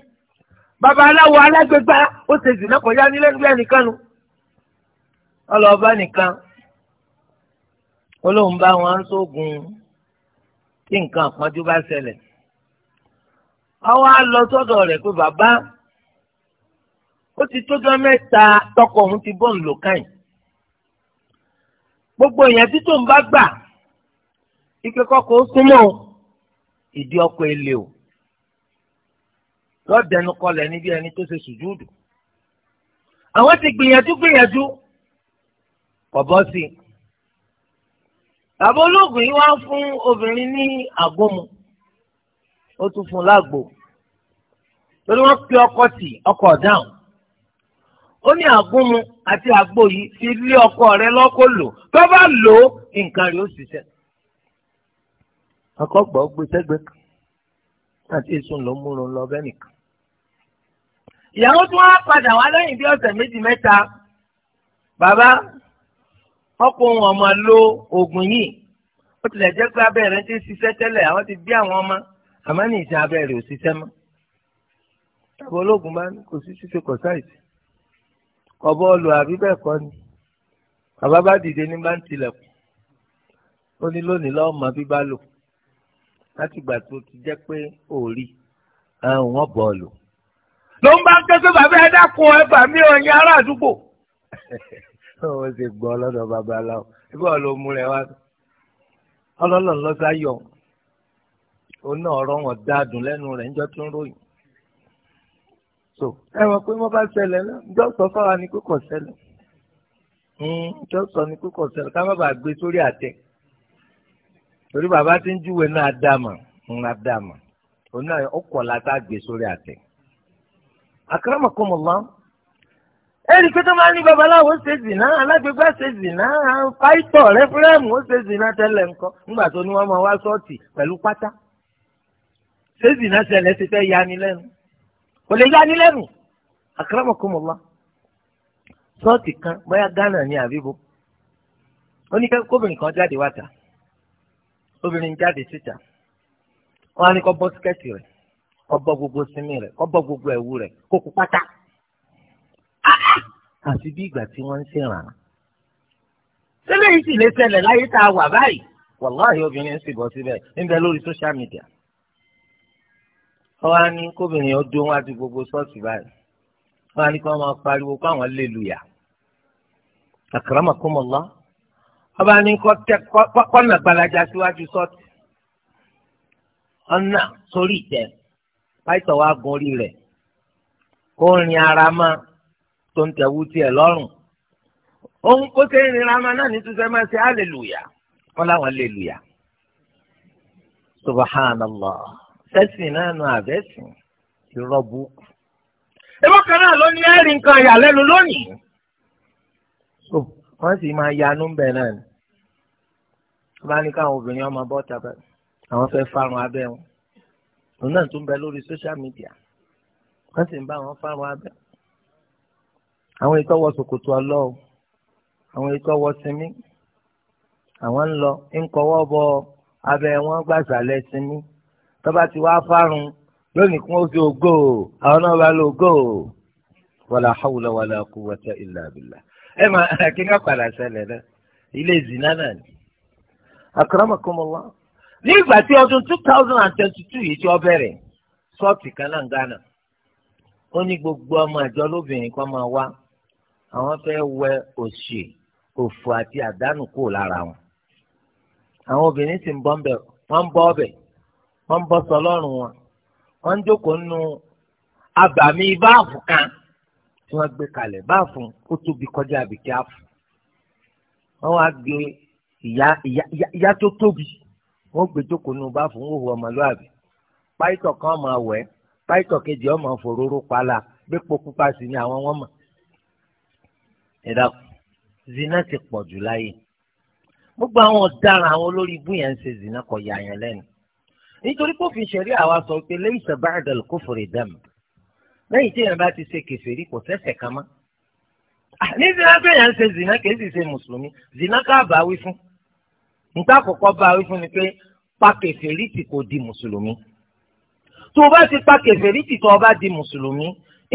bàbá aláwo alágbègbà ó ṣe zina kọ̀ yá ni lẹ́nu bí ẹnìkan nu ọlọ́ọ̀bá nìkan ó lóun bá wọn ń sógun tí nǹkan àpọ́njú bá ṣẹlẹ̀ ọwọ́ á lọ sọ́dọ̀ rẹ̀ pé bàbá ó ti tójọ́ mẹ́ta tọkọ òun ti bọ́ọ̀n lò káyìn gbogbo èèyàn tí tóun bá gbà ike kọ́kọ́ ó súnmọ́ ìdí ọkọ̀ èlé o lọ́dẹ̀ẹ́nu kọlẹ̀ níbi ẹni tó ṣe sùjúdù àwọn ti gbìyànjú gbìyànjú kọ̀ bàbá olóògùn yìí wá fún obìnrin ní àgómù ó tún fún un lágbo torí wọ́n pe ọkọ tì ọkọ dáhùn ó ní àgúnmu àti àgbo yìí fi lé ọkọ rẹ lọ́kọ́ lò tó bá lò ó nǹkan rẹ̀ ó ṣiṣẹ́. akọgbà ọgbẹ sẹgbẹ kan àti èso ló múra lọ bẹ́ẹ̀ nìkan. ìyàwó tí wọ́n á padà wá lẹ́yìn bí ọ̀sẹ̀ méjì mẹ́ta bàbá wọ́n kó wọn máa lo oògùn yìí ó tilẹ̀ jẹ́ pé abẹ́rẹ́ ti ṣiṣẹ́ tẹ́lẹ̀ àwọn ti bí àwọn ọmọ àmọ́ ní ìṣe abẹ́rẹ́ ò ṣiṣẹ́ mọ́ tàbí ológun bá ní kò sí ṣíṣe kò sáìsì kọ bọ́ọ̀lù àbí bẹ́ẹ̀ kọ́ ni bàbá bá dìde ní bá ń tilẹ̀kùn ó ní lónìí lọ́wọ́ mọ bí bá lò láti gbà tó ti jẹ́ pé òòrí àwọn bọ́ọ̀lù ló ń bá ń ké bàbá ẹ dákun ẹ ó ṣe gbọ́ lọ́dọ̀ babaláwo ibi wọn ló mú rẹ wá ọlọ́lọ́ lọ́sàáyọ̀ òun náà ọ̀rọ̀ wọn dáadùn lẹ́nu rẹ̀ níjọ́ tó ń ròyìn so ẹ mọ̀ pé wọ́n bá ṣẹlẹ̀ náà níjọ́ sọ fáwa ni kókò ṣẹlẹ̀ hmm, níjọ́ sọ ni kókò ṣẹlẹ̀ ká má bàa gbé sórí àtẹ torí bàbá tí ń júwe náà dàmà ńlá dàmà òun náà ọkọ̀ látà gbé sórí àtẹ àkàràmọ̀kọ́mọ̀lá ẹnì pé tó máa ní babaláwo ṣe zìnà alágbègbè ṣe zìnà pàìtọ̀ rẹ́fúrẹ́mù ó ṣe zìnà tẹ́lẹ̀ ńkọ́ nígbà tó ní wọ́n máa wá sọ́ọ̀tì pẹ̀lú pátá ṣé zìnà ṣẹlẹ̀ ṣe fẹ́ yani lẹ́nu kò lè yani lẹ́nu àkàràmọ̀kọ́mọ̀lá sọ́ọ̀tì kan bóyá Ghana ni àbíbo ó ní kóbìnrin kan jáde wáta obìnrin jáde síta wọn á ní kó bọ́ síkẹ́ẹ̀tì rẹ̀ kó bọ́ gbogbo sinmi rẹ̀ kó bọ́ gbogbo ẹ̀wù rẹ̀ kó kú pátá àfi bí ìgbà tí wọ́n ń ṣèràn. sílẹ̀ yìí sì lè ṣẹlẹ̀ láyé tá a wà báyìí wàláhì obìnrin ń sìbọ̀ síbẹ̀ níbẹ̀ lórí social media. wọ́n á ní kóbìnrin ọdún wá ju gbogbo ṣọ́ọ̀ṣì báyìí wọ́n á ní kí wọ́n máa pariwo kó àwọn lè lùyà. àkàràmọ̀kọ́mọ̀lá ọba ní kọ́nà gbalaja síwájú ṣọ́ọ̀ṣì ọ̀nà sórí ìtẹ́ pàìtọ́ wa gun orí rẹ̀ kó rin ara máa tó ń tẹ̀wú tiẹ̀ lọ́rùn òun kó ṣe ń rinra máa náà ní túnṣe máa ṣe hallelujah wọn láwọn hallelujah subhanallah sẹ́sìn náà nu àbẹ́sìn irọ́ búkú. ìwọ́n kan náà ló ní ẹ̀rí nǹkan ìyàlẹ́nu lónìí. wọ́n sì máa yanú bẹ̀ náà ni wọ́n bá ní káwọn obìnrin ọmọ bọ́ tabẹ́ àwọn fẹ́ fárun abẹ́ wọn òun náà tún bẹ lórí social media wọ́n sì ń bá wọn fárun abẹ́ àwọn ikọ̀ wọ ṣòkòtò ọlọ́ o àwọn ikọ̀ wọ sinmi àwọn ń lọ ń kọwọ́ bọ abẹ́ wọn gbàsàlẹ̀ sinmi tọ́ba ti wá fárun lónìí kí wọ́n fi ògo àwọn náà bá lọ ògo wàlà hàwùlà wàlà quwwata illa billah ẹ máa kí n ká padà ṣẹlẹ̀ náà ilé zina náà ni. akramakumullah ní ìgbà tí ọdún two thousand and twenty two yìí tí ó bẹ̀rẹ̀ ṣọ́ọ̀tì kan náà ń gánà ó ní gbogbo ọmọ àjọ lóbìnrin kan máa wá àwọn fẹ́ wẹ òṣì òfò àti àdánù kúrò lára wọn àwọn obìnrin sì ń bọ́ ọbẹ̀ wọ́n ń bọ́ ọbẹ̀ wọ́n ń bọ́ sọlọ́run wọn wọ́n ń jókòó nínú abàmì báàfù kan tí wọ́n gbé kalẹ̀ báàfù ó tóbi kọjá àbíkí àfù wọ́n wá gbé ìyá ìyá ìyá tó tóbi wọ́n gbé jókòó nínú báàfù ń hùwà ọmọlúwàbí páìtọ̀ kan máa wẹ̀ páìtọ̀ kejì ọmọ fòróró pala gbépo pupa sí ni àwọn wọn mọ̀ ẹ̀dá zina ti pọ̀ jù láyé gbogbo àwọn ọ̀daràn àwọn olórí ibú yẹn ń ṣe zina kọ yà yẹn lẹ́nu nítorí kófin ṣẹ̀rí àwa sọ pé lẹ́yìn sàbáàdàl kófòrè dàm lẹ́yìn tí yẹn bá ti ṣe kèfèrí kò sẹ́ṣẹ̀ kan mọ́ ah, ní zina pé yẹn ń ṣe zina kì í sì ṣe mùsùlùmí zina ká bá wí fún nǹkan àkọ́kọ́ bá wí fún ni pé pa kèfèrí tì kò di mùsùlùmí tó o bá ti pa kèfèrí tì tó o bá di mùsùlùmí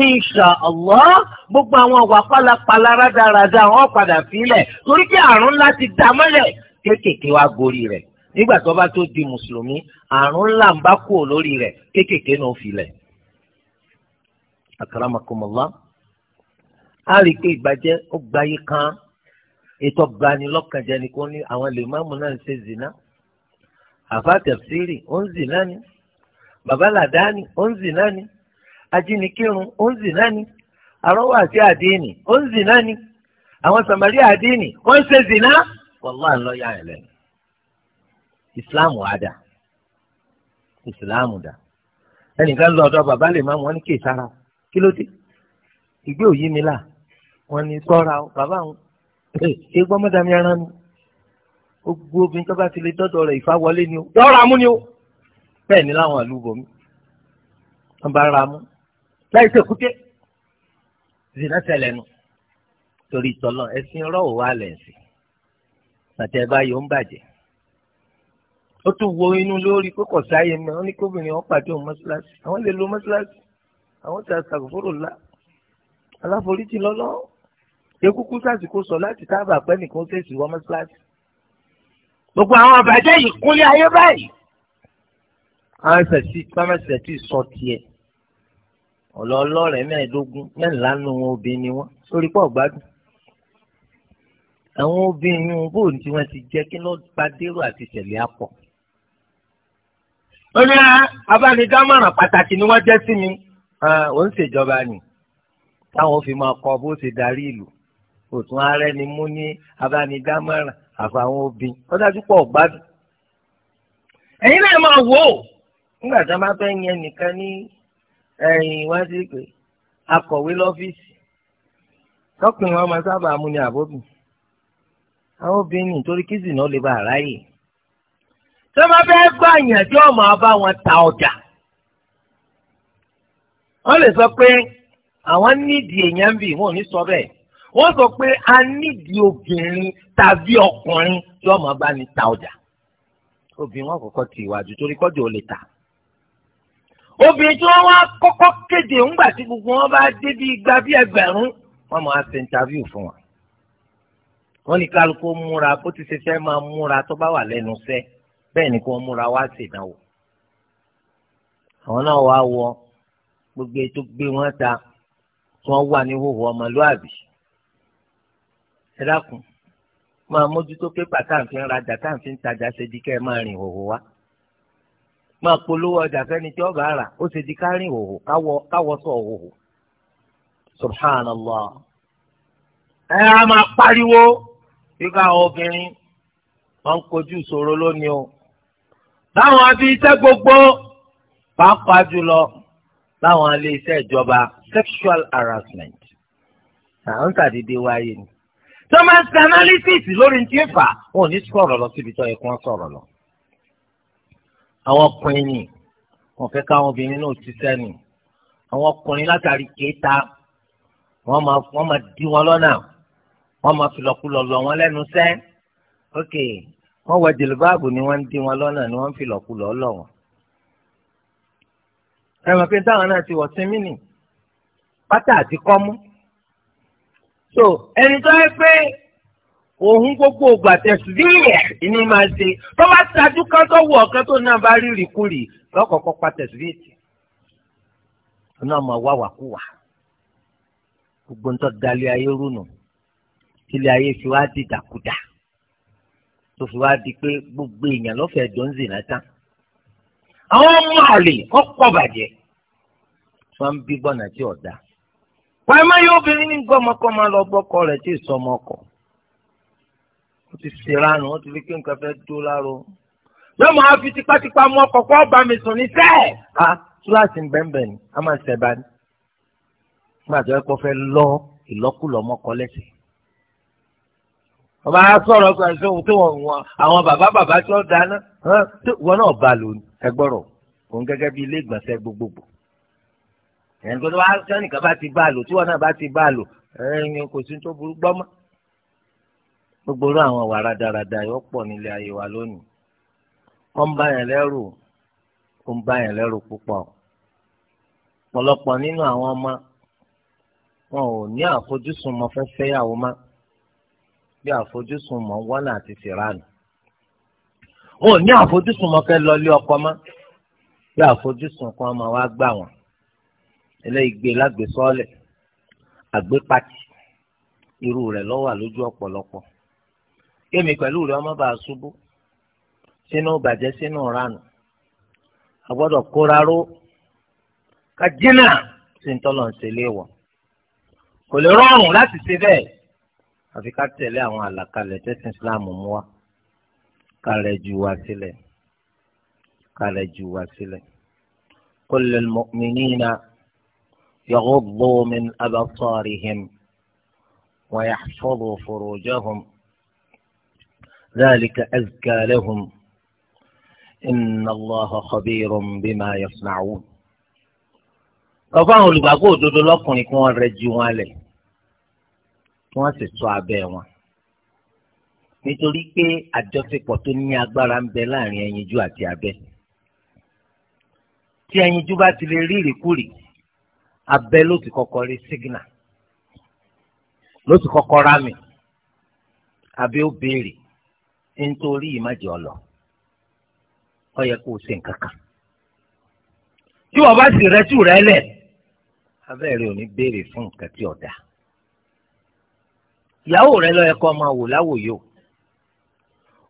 insha allah gbogbo àwọn ọ̀wà pálapàla rádaràda wọn padà sílẹ̀ torí pé àrùn ńlá ti dá mọ́lẹ̀ kéékèèké wá gorí rẹ̀ nígbà tó bá tó di mùsùlùmí àrùn ńlá ń bá kúrò lórí rẹ̀ kéékèèké náà filẹ̀. akaramakomola a rí i pé ìbàjẹ́ ó gbayé kan ètò gbani lọ́kànjẹ́ ni kò ní àwọn lè má mú náà ń ṣe zina àfa ó ń zina ni bàbá làdáni ó ń zina ni ajínikírun ó ń zìnà ni arọ́wọ́ àti àdéhìnì ó ń zìnà ni àwọn sàmàrí àdéhìnì wọ́n ń ṣe zìnà wàláhì ẹ̀ lẹ́nu ìsìláàmù ìsìláàmù dà ẹnìkan lọ bàbá lè máa wọn ní kéè sára kí ló dé ìgbé òyìn mi là wọn ní sọ́ra o bàbá àwọn egbọ́n mọ́dàmí ara o mú ni o bẹ́ẹ̀ ni láwọn àlùbọ̀ mi wọ́n mú láì sèkúté zina ṣẹlẹ̀ nu torí tọlọ ẹ̀sìn ọ̀rọ̀ wò wá lẹsì bàtà ẹ bá yọ ń bàjẹ́ ó tún wo inú lórí kókò sáyé mi wọ́n ní kóbìnrin wọ́n pàdé òun mọ́ṣáláṣí àwọn lè lo mọ́ṣáláṣí àwọn ti àṣàkófóró la aláforíjì lọlọ ekúkú sásìkò sọ láti tábà pẹ́ nìkan ó fèsì wọ́n mọ́ṣáláṣí gbogbo àwọn àbàjẹ́ yìí kúnlé ayé báyìí àwọn ẹsẹ̀ tí pàmẹ́sẹ̀ tí sọ tiẹ̀ ọlọ́ọ̀lọ́rẹ̀ mẹ́ẹ̀ẹ́dógún mẹ́ńlá nu wọn obìnrin ni wọ́n sórí pọ̀ gbádùn. àwọn obìnrin bò ní tí wọ́n ti jẹ́ kí ló bá dérò àti tẹ̀lé àpọ̀. ó ní abánidámọ̀ràn pàtàkì ni wọ́n jẹ́ sí mi ó ń ṣèjọba ni táwọn fi máa kọ bó ṣe darí ìlú òtún ààrẹ ni mú ní abánidámọ̀ràn àfàwọn obìnrin ó dájú pọ̀ gbádùn. ẹ̀yin náà máa wò ó nígbà tí wọ́n bá fẹ́ yẹn nìkan ní ẹ̀yìn wá sí pé akọ̀wé lọ́fíìsì tọkùnrin wọn máa sábà mú ní àbóbì àwọn obìnrin torí kìsì náà lè bá àráyè tí wọ́n bá fẹ́ gbà tí wọ́n bá wọn ta ọjà wọ́n lè sọ pé àwọn nídìí èèyàn ń bì wọ́n ò ní sọ bẹ́ẹ̀ wọ́n sọ pé a nídìí obìnrin tàbí ọkùnrin tí wọ́n máa bá obìnrin tí wọ́n wá kọ́kọ́ kéde ńgbà tí gbogbo wọn bá dé bí igba bí ẹgbẹ̀rún wọ́n máa ṣe interview fún wa. wọ́n ní kálukú múra bó ti ṣe fẹ́ máa múra tó bá wà lẹ́nu iṣẹ́ bẹ́ẹ̀ ni kò múra wá sí ìdánwò. àwọn náà wá wọ gbogbo ètò gbé wọn ta tí wọ́n wà ní hòhò ọmọlúàbí. ẹ dákun máa mójútó pé pàtàkì ń rajà táǹfì tajà ṣe di kẹ́ máa rìn hòhò wá máa polówó ọjà fẹ́ni tí ọba rà ó ṣe di kárìn òhò káwọ́ sọ òhò subhanallah ẹ á máa pariwo kíkọ àwọn obìnrin wọn ń kojú ìṣòro lónìí o láwọn abí iṣẹ́ gbogbo pàápàá jùlọ láwọn ilé iṣẹ́ ìjọba sexual harassment àwọn sàdédé wáyé ni. tó máa ń ṣe analysis lórí ti fà wọn ò ní sọ̀rọ̀ lọ síbi tó yẹ kí wọ́n sọ̀rọ̀ lọ àwọn ọkùnrin ni wọn fẹ́ káwọn obìnrin náà ti sẹ́ni àwọn ọkùnrin látàrí kéta wọ́n máa wọ́n máa dí wọn lọ́nà wọ́n máa filọ̀kulọ̀ lọ̀ wọ́n lẹ́nu sẹ́ ok wọ́n wọ jìlìbáàbù ni wọ́n ń dí wọn lọ́nà ni wọ́n ń filọ̀kulọ̀ lọ̀ wọ́n. ẹ̀wọ̀n pé táwọn náà ti wọ̀ sinmi nì pátá àti kọ́mú. so ẹni tó yẹ pé. òun gbogbo ògbà tẹ̀síbíyẹ̀ ìní máa ṣe tó bá ṣáájú kan tó wọ ọ̀kan tó náà bá rí rìkúrì lọ́kọ̀ọ̀kọ́ pa tẹ̀síbíyẹ̀tì náà máa wá wàkúwà gbogbo ń tọ́ dalẹ̀ ayé rúnù tílé ayé fi wá di dàkúdà tó fi gbogbo èèyàn lọ́fẹ̀ẹ́ jọ ń tán àwọn ọmọ àlè bàjẹ́ wọ́n ń bí bọ́nà tí ọ̀dà obìnrin ní ó ti ṣèrànù ó ti rí kí nǹkan fẹ́ dó láro. yóò máa fi tipátipá mú ọkọ̀ kọ́ ọba mi sùn ní sẹ́ẹ̀. a túláàsì ń bẹ́ẹ̀ ni a máa ṣẹ̀bá ni. nígbà tó yẹ kó fẹ́ lọ ìlọ́kulọ̀ mọ́kọ lẹ́sẹ̀. ọba sọ̀rọ̀ pé ṣé òun tó wọn àwọn bàbá bàbá tó dáná wọn náà bá lò ní ẹgbọ́rọ̀ òun gẹ́gẹ́ bí ilé ìgbọ̀nsẹ̀ gbogbogbò. ẹnì kan tó bá sẹ́nìkan bá ti bá lò tí wọn náà bá ti bá lò ẹ̀yin kò sí tó burú gbọ́mọ́ gbogbo irú àwọn wàrà dáradá yóò pọ̀ nílé ayé wa lónìí ó ń bá yẹn lẹ́rù ó ń bá yẹn lẹ́rù púpọ̀ pọ̀lọpọ̀ nínú àwọn ọmọ wọn ò ní àfojúsùn mọ́ fẹ́ fẹ́yàwó má bí àfojúsùn mọ́ wọ́nà àti fìrànù wọn ò ní àfojúsùn mọ́ fẹ́ lọlé ọkọ má bí àfojúsùn kan máa wá gbà wọ́n eléyìí gbé lágbèsọ́ọ̀lẹ̀ àgbépatì irú rẹ̀ ló wà ọ̀pọ̀lọpọ̀ kémi pẹ̀lú rẹ ọmọ bá ṣubú sínú bàjẹ́ sínú ránù a gbọ́dọ̀ kóra ró ká jìnnà sí ń tọ́lọ̀ ń ṣe léèwọ̀ kò lè rọrùn láti ṣe bẹ́ẹ̀ àfi ká tẹ̀lé àwọn àlàkalẹ̀ tẹ́sán Islam mú wa ká rẹ̀ jù wá sílẹ̀ ká rẹ̀ jù wá sílẹ̀ kull al-mu'minina yaghuddu min absarihim wa yahfazu furujahum. ذلك أزكى لهم إن الله خبير بما يصنعون ọfáwọn olùgbàgbọ́ òdodo lọ́kùnrin kí wọ́n rẹjú wọn lẹ̀ kí wọ́n sì ṣọ́ abẹ́ wọn nítorí pé àjọṣepọ̀ tó ní agbára ń bẹ láàrin ẹyinjú àti abẹ́ tí ẹyinjú bá ti lè rí ìrìkúrì abẹ́ ló ti kọ́kọ́ rí sígínà ló ti kọ́kọ́ rámì abẹ́ ó béèrè nítorí ìmájẹ ọlọ ọ yẹ kó o ṣe nǹkan kan tí wọn bá sì rẹ lẹ abẹ́rẹ́ ò béèrè fún nǹkan tí ọ̀dà ìyàwó rẹ ló yẹ máa wò láwòye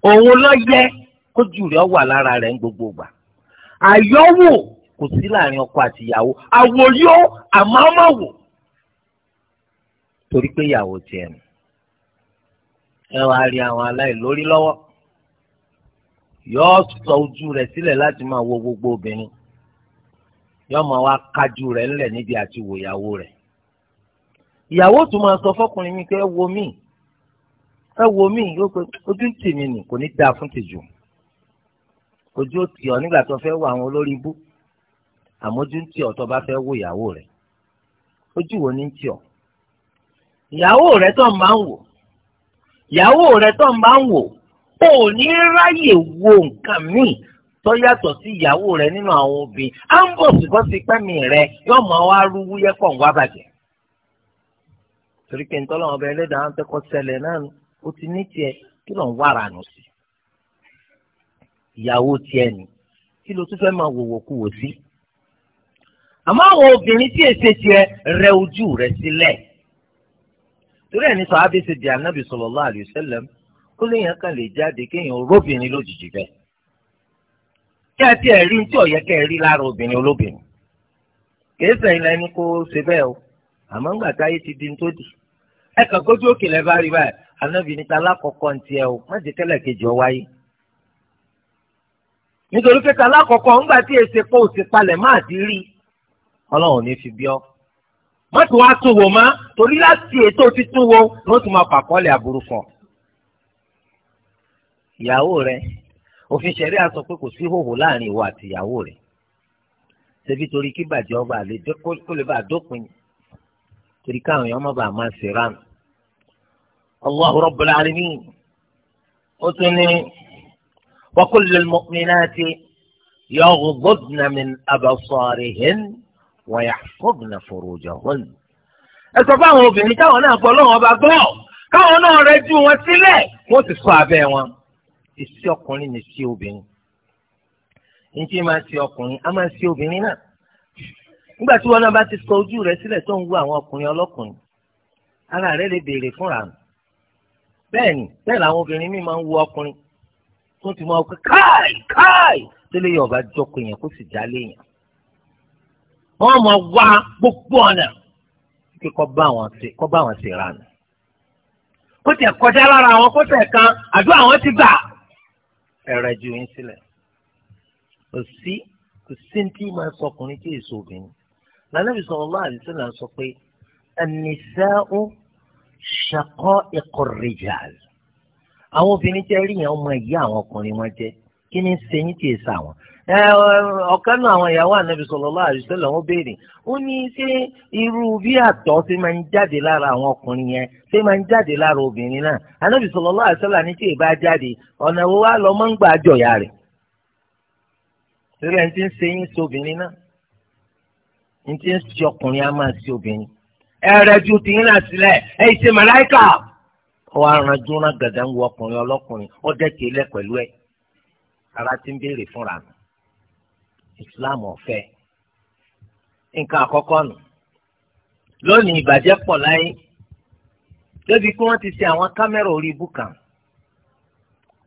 òun ló yẹ kó jù rẹ wà lára rẹ ń gbogbo gbà àyọ̀wò kò sí láàrin ọkọ àti ìyàwó àwòyó àmọ́ ọmọ wò torí pé ìyàwó tiẹ̀ nù ẹ wàá rí àwọn aláìlórí lọ́wọ́ yóò sọ ojú rẹ̀ sílẹ̀ láti máa wo gbogbo obìnrin yóò máa wá kájú rẹ̀ ńlẹ̀ níbi àti wò ìyàwó rẹ̀ ìyàwó tún máa sọ fọkùnrin mi pé ẹ wo mí ẹ wo mí yóò pé ojú ń tì mí nì kò ní dáa fún tìjú ojú ò tì ọ́ nígbà tó fẹ́ wọ àwọn olórí ibú àmójú ń tì ọ́ tó bá fẹ́ wọ ìyàwó rẹ̀ ojú wo ni ń tì ọ́ ìyàwó rẹ̀ tó máa ń wò ìyàwó rẹ tó ń bá ń wò ó ní ráyè wo nǹkan míì tó yàtọ̀ sí ìyàwó rẹ nínú àwọn obìnrin á ń bọ̀ sí bọ́sí pẹ́mi rẹ yóò mọ wá rúwú yẹ́pọ̀ ń wá bàjẹ́. torí pé ntọ́lọ́ ọba ẹlẹ́dàá ń tẹ́kọ̀ sẹlẹ̀ náà ó ti ní tiẹ̀ kí ló ń wára nù sí. ìyàwó tiẹ̀ ni kí ló tún fẹ́ máa wòwò kú wò sí. àmọ́ àwọn obìnrin tí èsì tiẹ̀ rẹ ojú rẹ sílẹ̀ torí ẹ̀ ní sọ di anabi sallallahu alayhi wa sallam ó kan lè jáde kéèyàn olóbìnrin lójijì bẹ́ẹ̀ kí ti ẹ̀rí tí ọ̀yẹ́ kẹ́ ẹ rí lára obìnrin olóbìnrin kèésì ẹ̀yin lẹni kó ṣe bẹ́ẹ̀ o àmọ́ ńgbà ti di tó di ẹ kàn kójú òkè lẹ́ bá rí báyìí anabi alákọ̀ọ́kọ́ ń tiẹ̀ o má kejì ọ wáyé nítorí pé ta alákọ̀ọ́kọ́ palẹ̀ má má tún wá tún wò má torí láti ètò títún wo ló tún máa pàkọ́lẹ̀ àbúrò fún ọ. ìyàwó rẹ òfin ṣẹ̀rí àsọ pé kò sí hòhò láàrin ìwọ àti ìyàwó rẹ ṣebí torí kí bàjẹ́ ọba àlè kó lè bá a dópin torí káwọn èèyàn má bàa máa ṣe ránù. Allahu Rabbul Alamin ó tún ní wa kullil mu'minati wayahfazna furujahun. ẹ sọ fún àwọn obìnrin káwọn náà gbọ́ lọ́wọ́ ọba gbọ́ káwọn náà rẹ ju wọ́n sọ abẹ́ wọn. ìsí ọkùnrin sí obìnrin máa sí ọkùnrin a máa sí obìnrin náà nígbà tí wọn bá ti sọ ojú rẹ sílẹ̀ tó ń àwọn ọkùnrin ọlọ́kùnrin ara rẹ lè béèrè fúnra nù bẹ́ẹ̀ ni bẹ́ẹ̀ làwọn obìnrin mi máa ń ọkùnrin tó ti máa wọ́n mọ̀ wá gbogbo ọ̀nà kí kọ́ bá wọn ṣe kọ́ bá wọn ṣe ra nù. kó tẹ̀ kọjá lára àwọn kó tẹ̀ kan àdúrà wọn ti gbà. ẹ̀rẹ̀ ju yín sílẹ̀ kò sí kò sí ní tí máa sọkùnrin tí èso obìnrin lànàbì sallallahu alaihi wasallam sọ pé an-nisā'u shaqā'iqu r-rijāl àwọn obìnrin jẹ́ rí yẹn ọmọ ìyá àwọn ọkùnrin wọn jẹ́ kí ni ń ṣe yín tí èso àwọn ọ̀kan náà àwọn ìyàwó ànábì sallallahu alaihi wasallam ó béèrè ó ní ṣé irú bí àtọ̀ ṣe máa ń jáde lára àwọn ọkùnrin yẹn ṣé máa ń jáde lára obìnrin náà ànábì sallallahu ìbá jáde ọ̀nà wo wá lọ mọ́ ń gbà jọ̀yà rẹ̀ torí ẹni tí ń ṣe yín sí obìnrin náà ń ṣe ọkùnrin á máa obìnrin ju tìyín náà sílẹ̀ ṣe màláìkà islam ọ̀fẹ́ nǹkan àkọ́kọ́ nù lónìí ìbàjẹ́ pọ̀ láyé débi kí wọ́n ti ṣe àwọn kámẹ́rà orí ibú kan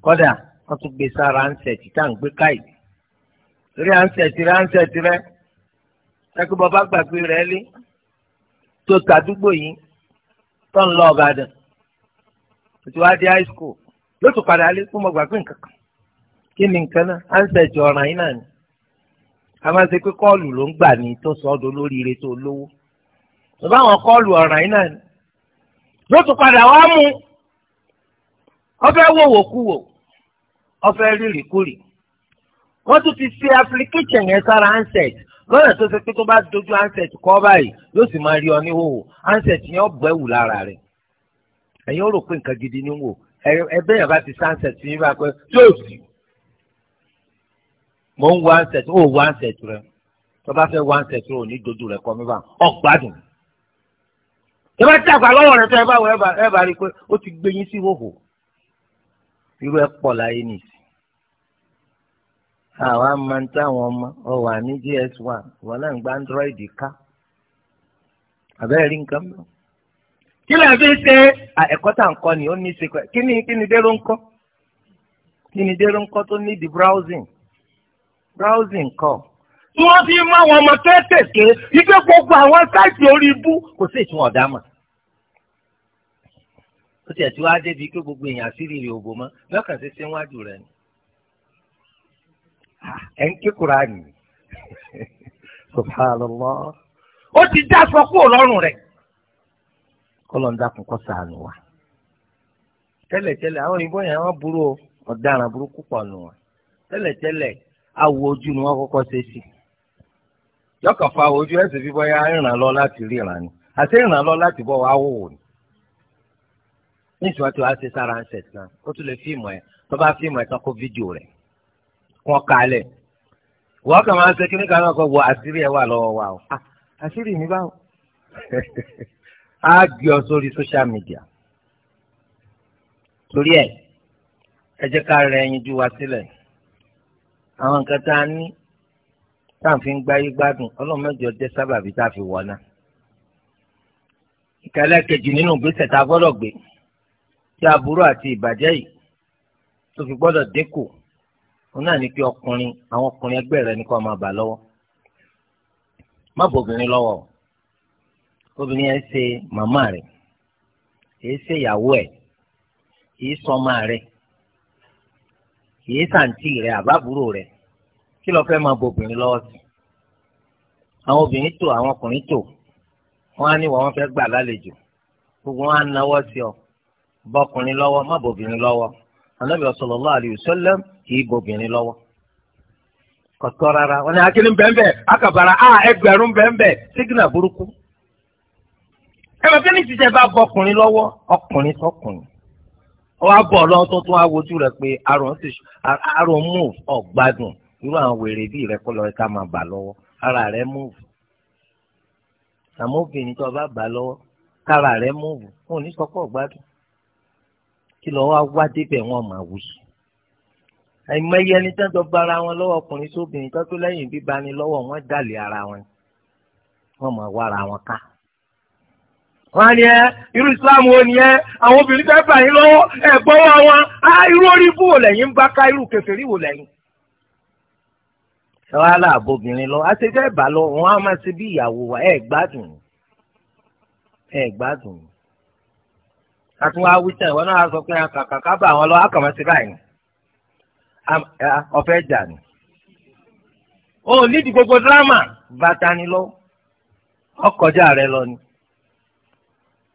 kọ́dà wọ́n tún gbé sára ansẹ̀tì tá à ń gbé káyì rí ansẹ̀tì rẹ ansẹ̀tì rẹ ṣẹ́kí bàbá gbàgbé rẹ lé tó tàdúgbò yìí tó ń lọ ọ̀bàdàn ètò adé high school ló tún padà lé fún mọ̀gbàgbé nǹkan kan kí ni nǹkan náà ansẹ̀tì ọ̀ràn yìí náà ni ká má ṣe pé kọ́ọ̀lù ló ń gbà ní tó sọ ọ́dọ̀ lóríire tó lówó bàbá àwọn kọ́ọ̀lù ọ̀ràn yìí náà ni ló tún padà wá mú ọfẹ́ wòwò kúwò ọfẹ́ rírì kúrì wọ́n tún ti ṣe application yẹn sára handset lọ́nà tó ṣe pé tó bá dojú handset kọ́ báyìí yóò sì máa rí ọ ní wòwò handset yẹn ọ̀bọ̀ ẹ̀wù lára rẹ̀ ẹ̀yin ó rò pé nǹkan gidi ní wò ẹ bẹ́ẹ̀ bá ti ṣe mò ń wá ṣẹ̀tù ó wá ṣẹ̀tù rẹ tó bá fẹ́ wá ṣẹ̀tù rẹ ò ní dojú rẹ kọ́ mi bá ọ̀gbádùn. tó bá tí àgbà lọ́wọ́ rẹ tó ẹ bá wọ ẹ bá rí i pé ó ti gbé yín sí hòhò irú ẹ pọ̀ láyé nìyí. àwa máa ń táwọn ọmọ ọ wà ní gs one ìwọ náà ń gba android ká àbẹ́rẹ́ rí nǹkan mọ́. kí ló fi ṣe ẹ̀kọ́ tá à ń kọ́ ni ó ní í ṣe kí ni kí ni dé ló ń kọ́ kí ni dé ló ń kọ́ tó ní di browsing browsing kọ́. wọ́n fi mú àwọn ọmọ kéékèèké wípé gbogbo àwọn sáìtì orí ibú kò sí ìtumọ̀ ọ̀dà ó tiẹ̀ tí wàá débi pé gbogbo èèyàn àṣírí rẹ̀ òbò mọ́ lọ́kàn sí síwájú rẹ̀ ni. Ah, ẹ̀ ń ti dá aṣọ kúrò lọ́rùn rẹ̀. kọ́lọ́ ń dákun kọ́ wa. tẹ́lẹ̀tẹ́lẹ̀ àwọn òyìnbó yẹn wọ́n burú ọ̀daràn burúkú pọ̀ nù awọ ojú ni wọ́n kọ́kọ́ ṣe sí yọkàn fa ojú ẹsẹ̀ fífọ́ ya ìrìnà lọ láti rí ìrìnà ni àti ìrìnà lọ láti bọ̀ wá wò ni níṣẹ́ wọ́n ti wá ṣe sára ń ṣẹ̀ tán ó tún lè fíìmù ẹ̀ tó bá fíìmù ẹ̀ tán kó fídíò rẹ̀ kó ọ kalẹ̀ kàn máa ṣe kí nígbà náà kó wọ àṣírí ẹ̀ wà lọ́wọ́ wa o àṣírí mi báwo á gbé ọ sórí social media torí ẹ̀ ẹ jẹ́ ká rẹ ẹyin ju wa sílẹ̀ àwọn nǹkan tá a ní tá a fi ń gbáyé gbádùn ọlọ́run mẹ́jọ jẹ́ sábàbí tá a fi wọ̀ náà. ìkàlẹ́ kejì nínú ìgbésẹ̀ tá a gbọ́dọ̀ gbé tí aburú àti ìbàjẹ́ yìí tó fi gbọ́dọ̀ dínkù òun náà ní kí ọkùnrin àwọn ọkùnrin ẹgbẹ́ rẹ ní kó máa bà lọ́wọ́ má bọ obìnrin lọ́wọ́ obìnrin yẹn ṣe màmá rẹ̀ èyí ṣe ìyàwó ẹ̀ èyí sọ ọmọ rẹ̀ kìí sàǹtì rẹ àbábúrò rẹ kí lọ fẹ́ máa bo obìnrin lọ́wọ́ sí àwọn obìnrin tó àwọn ọkùnrin tó wọn á ní wọn fẹ́ gbà lálejò gbogbo wọn á náwó sí ọ bọkùnrin lọ́wọ́ má bobìnrin lọ́wọ́ kìí lọwọ. kọtọ rárá wọn ni akíní bẹ́ẹ̀nbẹ́ akàbàrà a ẹgbẹ̀rún bẹ́ẹ̀nbẹ́ sígínà burúkú kí ni bá bọkùnrin lọ́wọ́ ọkùnrin ọwọ́ abọ́ ọlọ́run tó tún wá wojú rẹ̀ pé arun move ọ̀gbádùn irú àwọn wèrè bíi rẹ̀ kọ́ lọ ká máa bà lọ́wọ́ ara rẹ̀ move àmọ́ obìnrin tó bá bà lọ́wọ́ kára rẹ̀ move wọn ò ní sọ́kọ́ ọ̀gbádùn kí lọ́wọ́ wá débẹ̀ wọn máa wù sí. àìmọye ẹni tó ń wọn lọ́wọ́ ọkùnrin sóbìnrin tó tó lẹ́yìn bíbani lọ́wọ́ wọn dàlẹ̀ ara wọn wọn máa wá ara wọn ká. wọ́n ni ẹ́ irú ìsìláàmù ó ní ẹ́ àwọn obìnrin fẹ́ bà yín lọ́wọ́ wọn á irú orí bú wò ń bá ká irú kèfèrí ẹ wá láàbò obìnrin lọ lọ wọn á máa ṣe bí ìyàwó wa ẹ̀ gbádùn ẹ̀ gbádùn. àtúwá wíṣẹ́ ìwọ náà sọ pé kàkà àwọn lọ àkàmọ́ ni. gbogbo dírámà bàtà ni lọ ọkọjá rẹ lọ ni.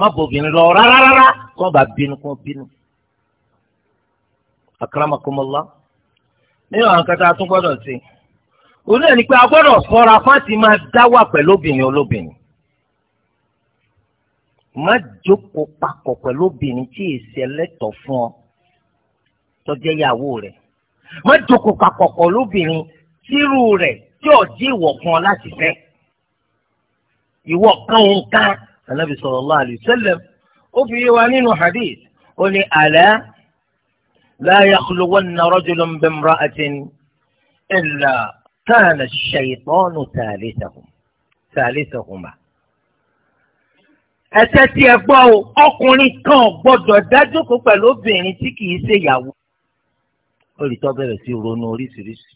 má bòbìnrin lọ rárá rárá kó bá bínú kó bínú. akramakumullah nínú àwọn kata tó gbọ́dọ̀ sí òun náà ni pé a gbọ́dọ̀ ṣọ́ra fáti máa dá wà pẹ̀lú obìnrin olóbìnrin má jókòó papọ̀ pẹ̀lú obìnrin tí èsì ẹlẹ́tọ̀ fún ọ tó jẹ́ ìyàwó rẹ̀ má jókòó papọ̀ pẹ̀lú obìnrin tírú rẹ̀ tí ò ìwọ̀ fún ọ láti fẹ́ ìwọ̀ kan òun kan anabi sallallahu alayhi wa sallam ó fi yé wa nínú hadith ó ní àlá la yakhluwanna rajulun bimra'atin illa kana ash-shaytanu thalithahum thalithahuma ẹsẹ tí ẹ gbọ́ o ọkùnrin kan gbọ́dọ̀ dájókòó pẹ̀lú obìnrin tí kìí ṣe ìyàwó. olùtọ́ bẹ̀rẹ̀ sí ronú oríṣiríṣi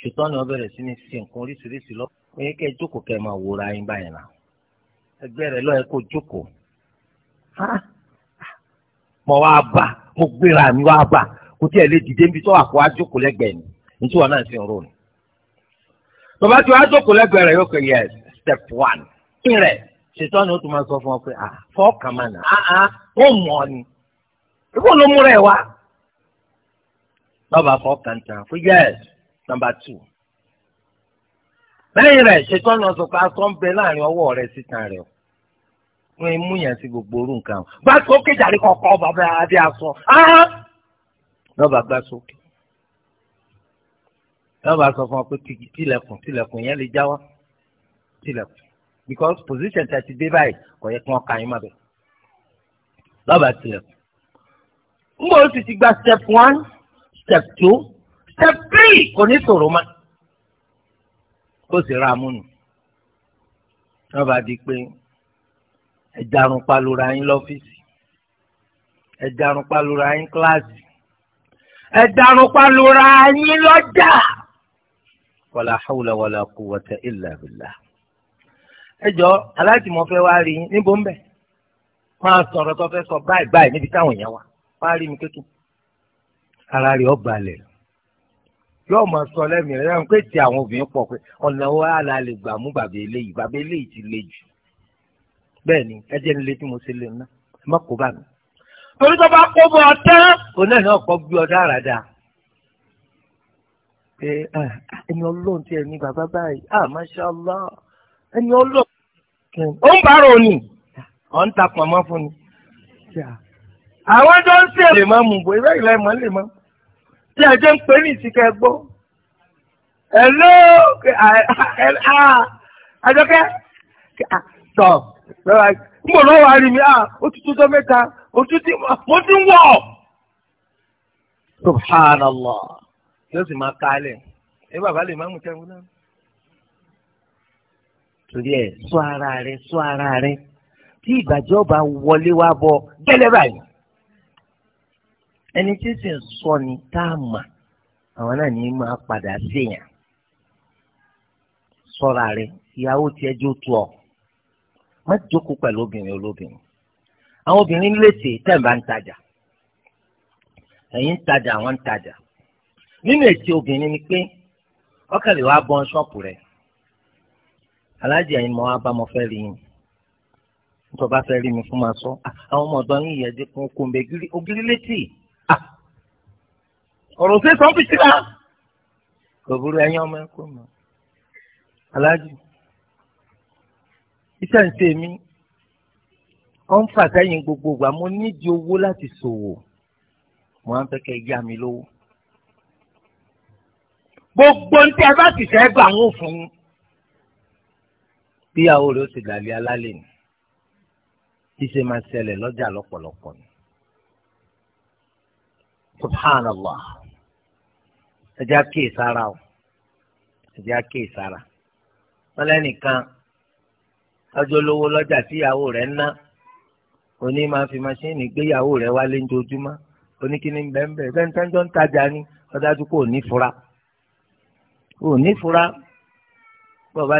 ṣùgbọ́n ni wọ́n bẹ̀rẹ̀ sí ní ṣe nǹkan oríṣiríṣi lọ pé kẹ́ ẹ jókòó kẹ́ ẹ máa wòra yín báyìí náà ẹgbẹ́ rẹ̀ lọ́ọ́ yẹ kó jókòó mọ wá bá mo gbéra mi wá bá kò tí ẹ lè dìde níbi tó wà kó ajókòó lẹ́gbẹ̀ẹ́ ni nítorí wọn náà sì ń rònú. bàbá tí wàá jókòó lẹ́gbẹ̀ẹ́ rẹ̀ yóò kọ yẹ step one kí rẹ̀ ṣètò ni ó tún máa sọ fún ọ pé ah, fọ́ọ̀kan máa nà á ah, ah, ó mọ̀ ọ́ ni ìwọ ló múra ẹ̀ wá. lọ́ba fọ́ọ̀kan tán fún yẹ́s nọmba two lẹ́yìn rẹ̀ ṣètò ọ̀nà sọ pé aṣọ ń bẹ láàrin ọwọ́ rẹ̀ sítan rẹ̀ wọ́n mú yàn sí gbogbo orú nǹkan bá sókè jàre kọ̀ọ̀kan bàbá adé aṣọ náà bá gbá sókè náà sọ fún ọ pé tilẹ̀kùn tilẹ̀kùn yẹn lè já wá tilẹ̀kùn because position ti a ti dé báyìí kò yẹ kí wọ́n ka yín má bẹ̀ lọ́ba tilẹ̀kùn. ń bọ̀ ó sì ti gba step one step two step three kò ní sọ̀rọ̀ máa bó sì ra amúnù wọ́n bá di pé ẹ̀jarun palura yín lọ́fíìsì ẹ̀jarun palura yín kíláàsì ẹ̀jarun palura yín lọ́jà wàlà hàwùlà wàlà kùwàtà ìlà bìlà ẹjọ́ aláàtìmọ́ fẹ́ wá rí yín níbo ń bẹ̀ wọ́n á sọ̀rọ̀ tó fẹ́ sọ báyìí báyìí níbi táwọn èèyàn wà wọ́n á rí mi kékeré ara rẹ̀ ọ̀ balẹ̀ yóò máa sọ lẹ́mìí rẹ̀ náà pé ti àwọn obìnrin pọ̀ pé ọ̀nà wo àlà lè gbà mú bàbá eléyìí bàbá eléyìí ti le jù bẹ́ẹ̀ ni ẹ jẹ́ nílé tí mo ṣe lè ná ẹ má kó bá mi. torí tó bá kó bọ̀ tán òun náà náà kọ́ gbé ọdá àràdà. ẹ ẹni ọlọ́run tí ẹ bàbá báyìí ah masha allah ẹni ọlọ́run. ó ń bára òní ọ̀ ń ta pọ̀ mọ́ fún ni. àwọn tó ń ṣe lè má mú bò ìrẹ́ ìlà ìmọ̀ lè má mú. tí ẹ̀jẹ̀ ń pè ní ìsìnkẹ́ gbọ́. Hello Àjọkẹ́ tọ̀ mbọ̀ lọ́wọ́ wa rí mi à òtútù tó mẹ́ta òtútù mo ti ń wọ̀. yóò sì máa kálẹ̀ ẹ bàbá lè má mú náà. Torí ẹ̀ sọ ara rẹ̀ sọ ara rẹ̀ tí ọba wọlé wá bọ̀ gẹ́lẹ́ báyìí. ẹni tí sì ń ni tá a mà àwọn náà ní máa padà séèyàn sọ́ra rẹ̀ ìyàwó tiẹ̀ jó tu ọ má jókòó pẹ̀lú obìnrin olóbìnrin àwọn obìnrin lèsè tẹ̀m̀bà ń tajà ẹ̀yin ń tajà àwọn ń tajà nínú ni pé ọkàlẹ̀ wàá bọ́n ṣọ́ọ̀pù rẹ̀ alájẹ ẹ̀yin mọ́ abámọ́ fẹ́ rí yín nítorí bá fẹ́ rí mi fún máa sọ ah, àwọn ọmọ yín yẹ ọ̀rọ̀ ṣe sọ fi síra kò burú ẹyin ọmọ ẹ̀kọ́ mọ́ aláàjì iṣẹ́ ń ṣe mí ọ ń fà sẹ́yìn gbogbo ìgbà mo nídìí owó láti ṣòwò mo máa ń fẹ́ kẹ́ yá mi lówó gbogbo ní tí ẹ bá sì fẹ́ gbà ń fún un bíyàwó rẹ̀ ó ti dàbí alálẹ̀ ni ṣíṣe máa ṣẹlẹ̀ lọ́jà lọ́pọ̀lọpọ̀ ni subhanallah ẹ jẹ́ àkíyè sára o ẹ jẹ́ àkíyè sára wọn lẹ́nìkan ọjọ́ olówó lọ́jà tí ìyàwó rẹ̀ ń ná oní máa fi maṣíìnì gbéyàwó rẹ̀ wálé ńjojúmọ́ oníkíní bẹ́ẹ̀nbẹ́ẹ́ bẹ́ẹ̀ ń tajà ni ọ̀dájú kò ní fura kò ní fura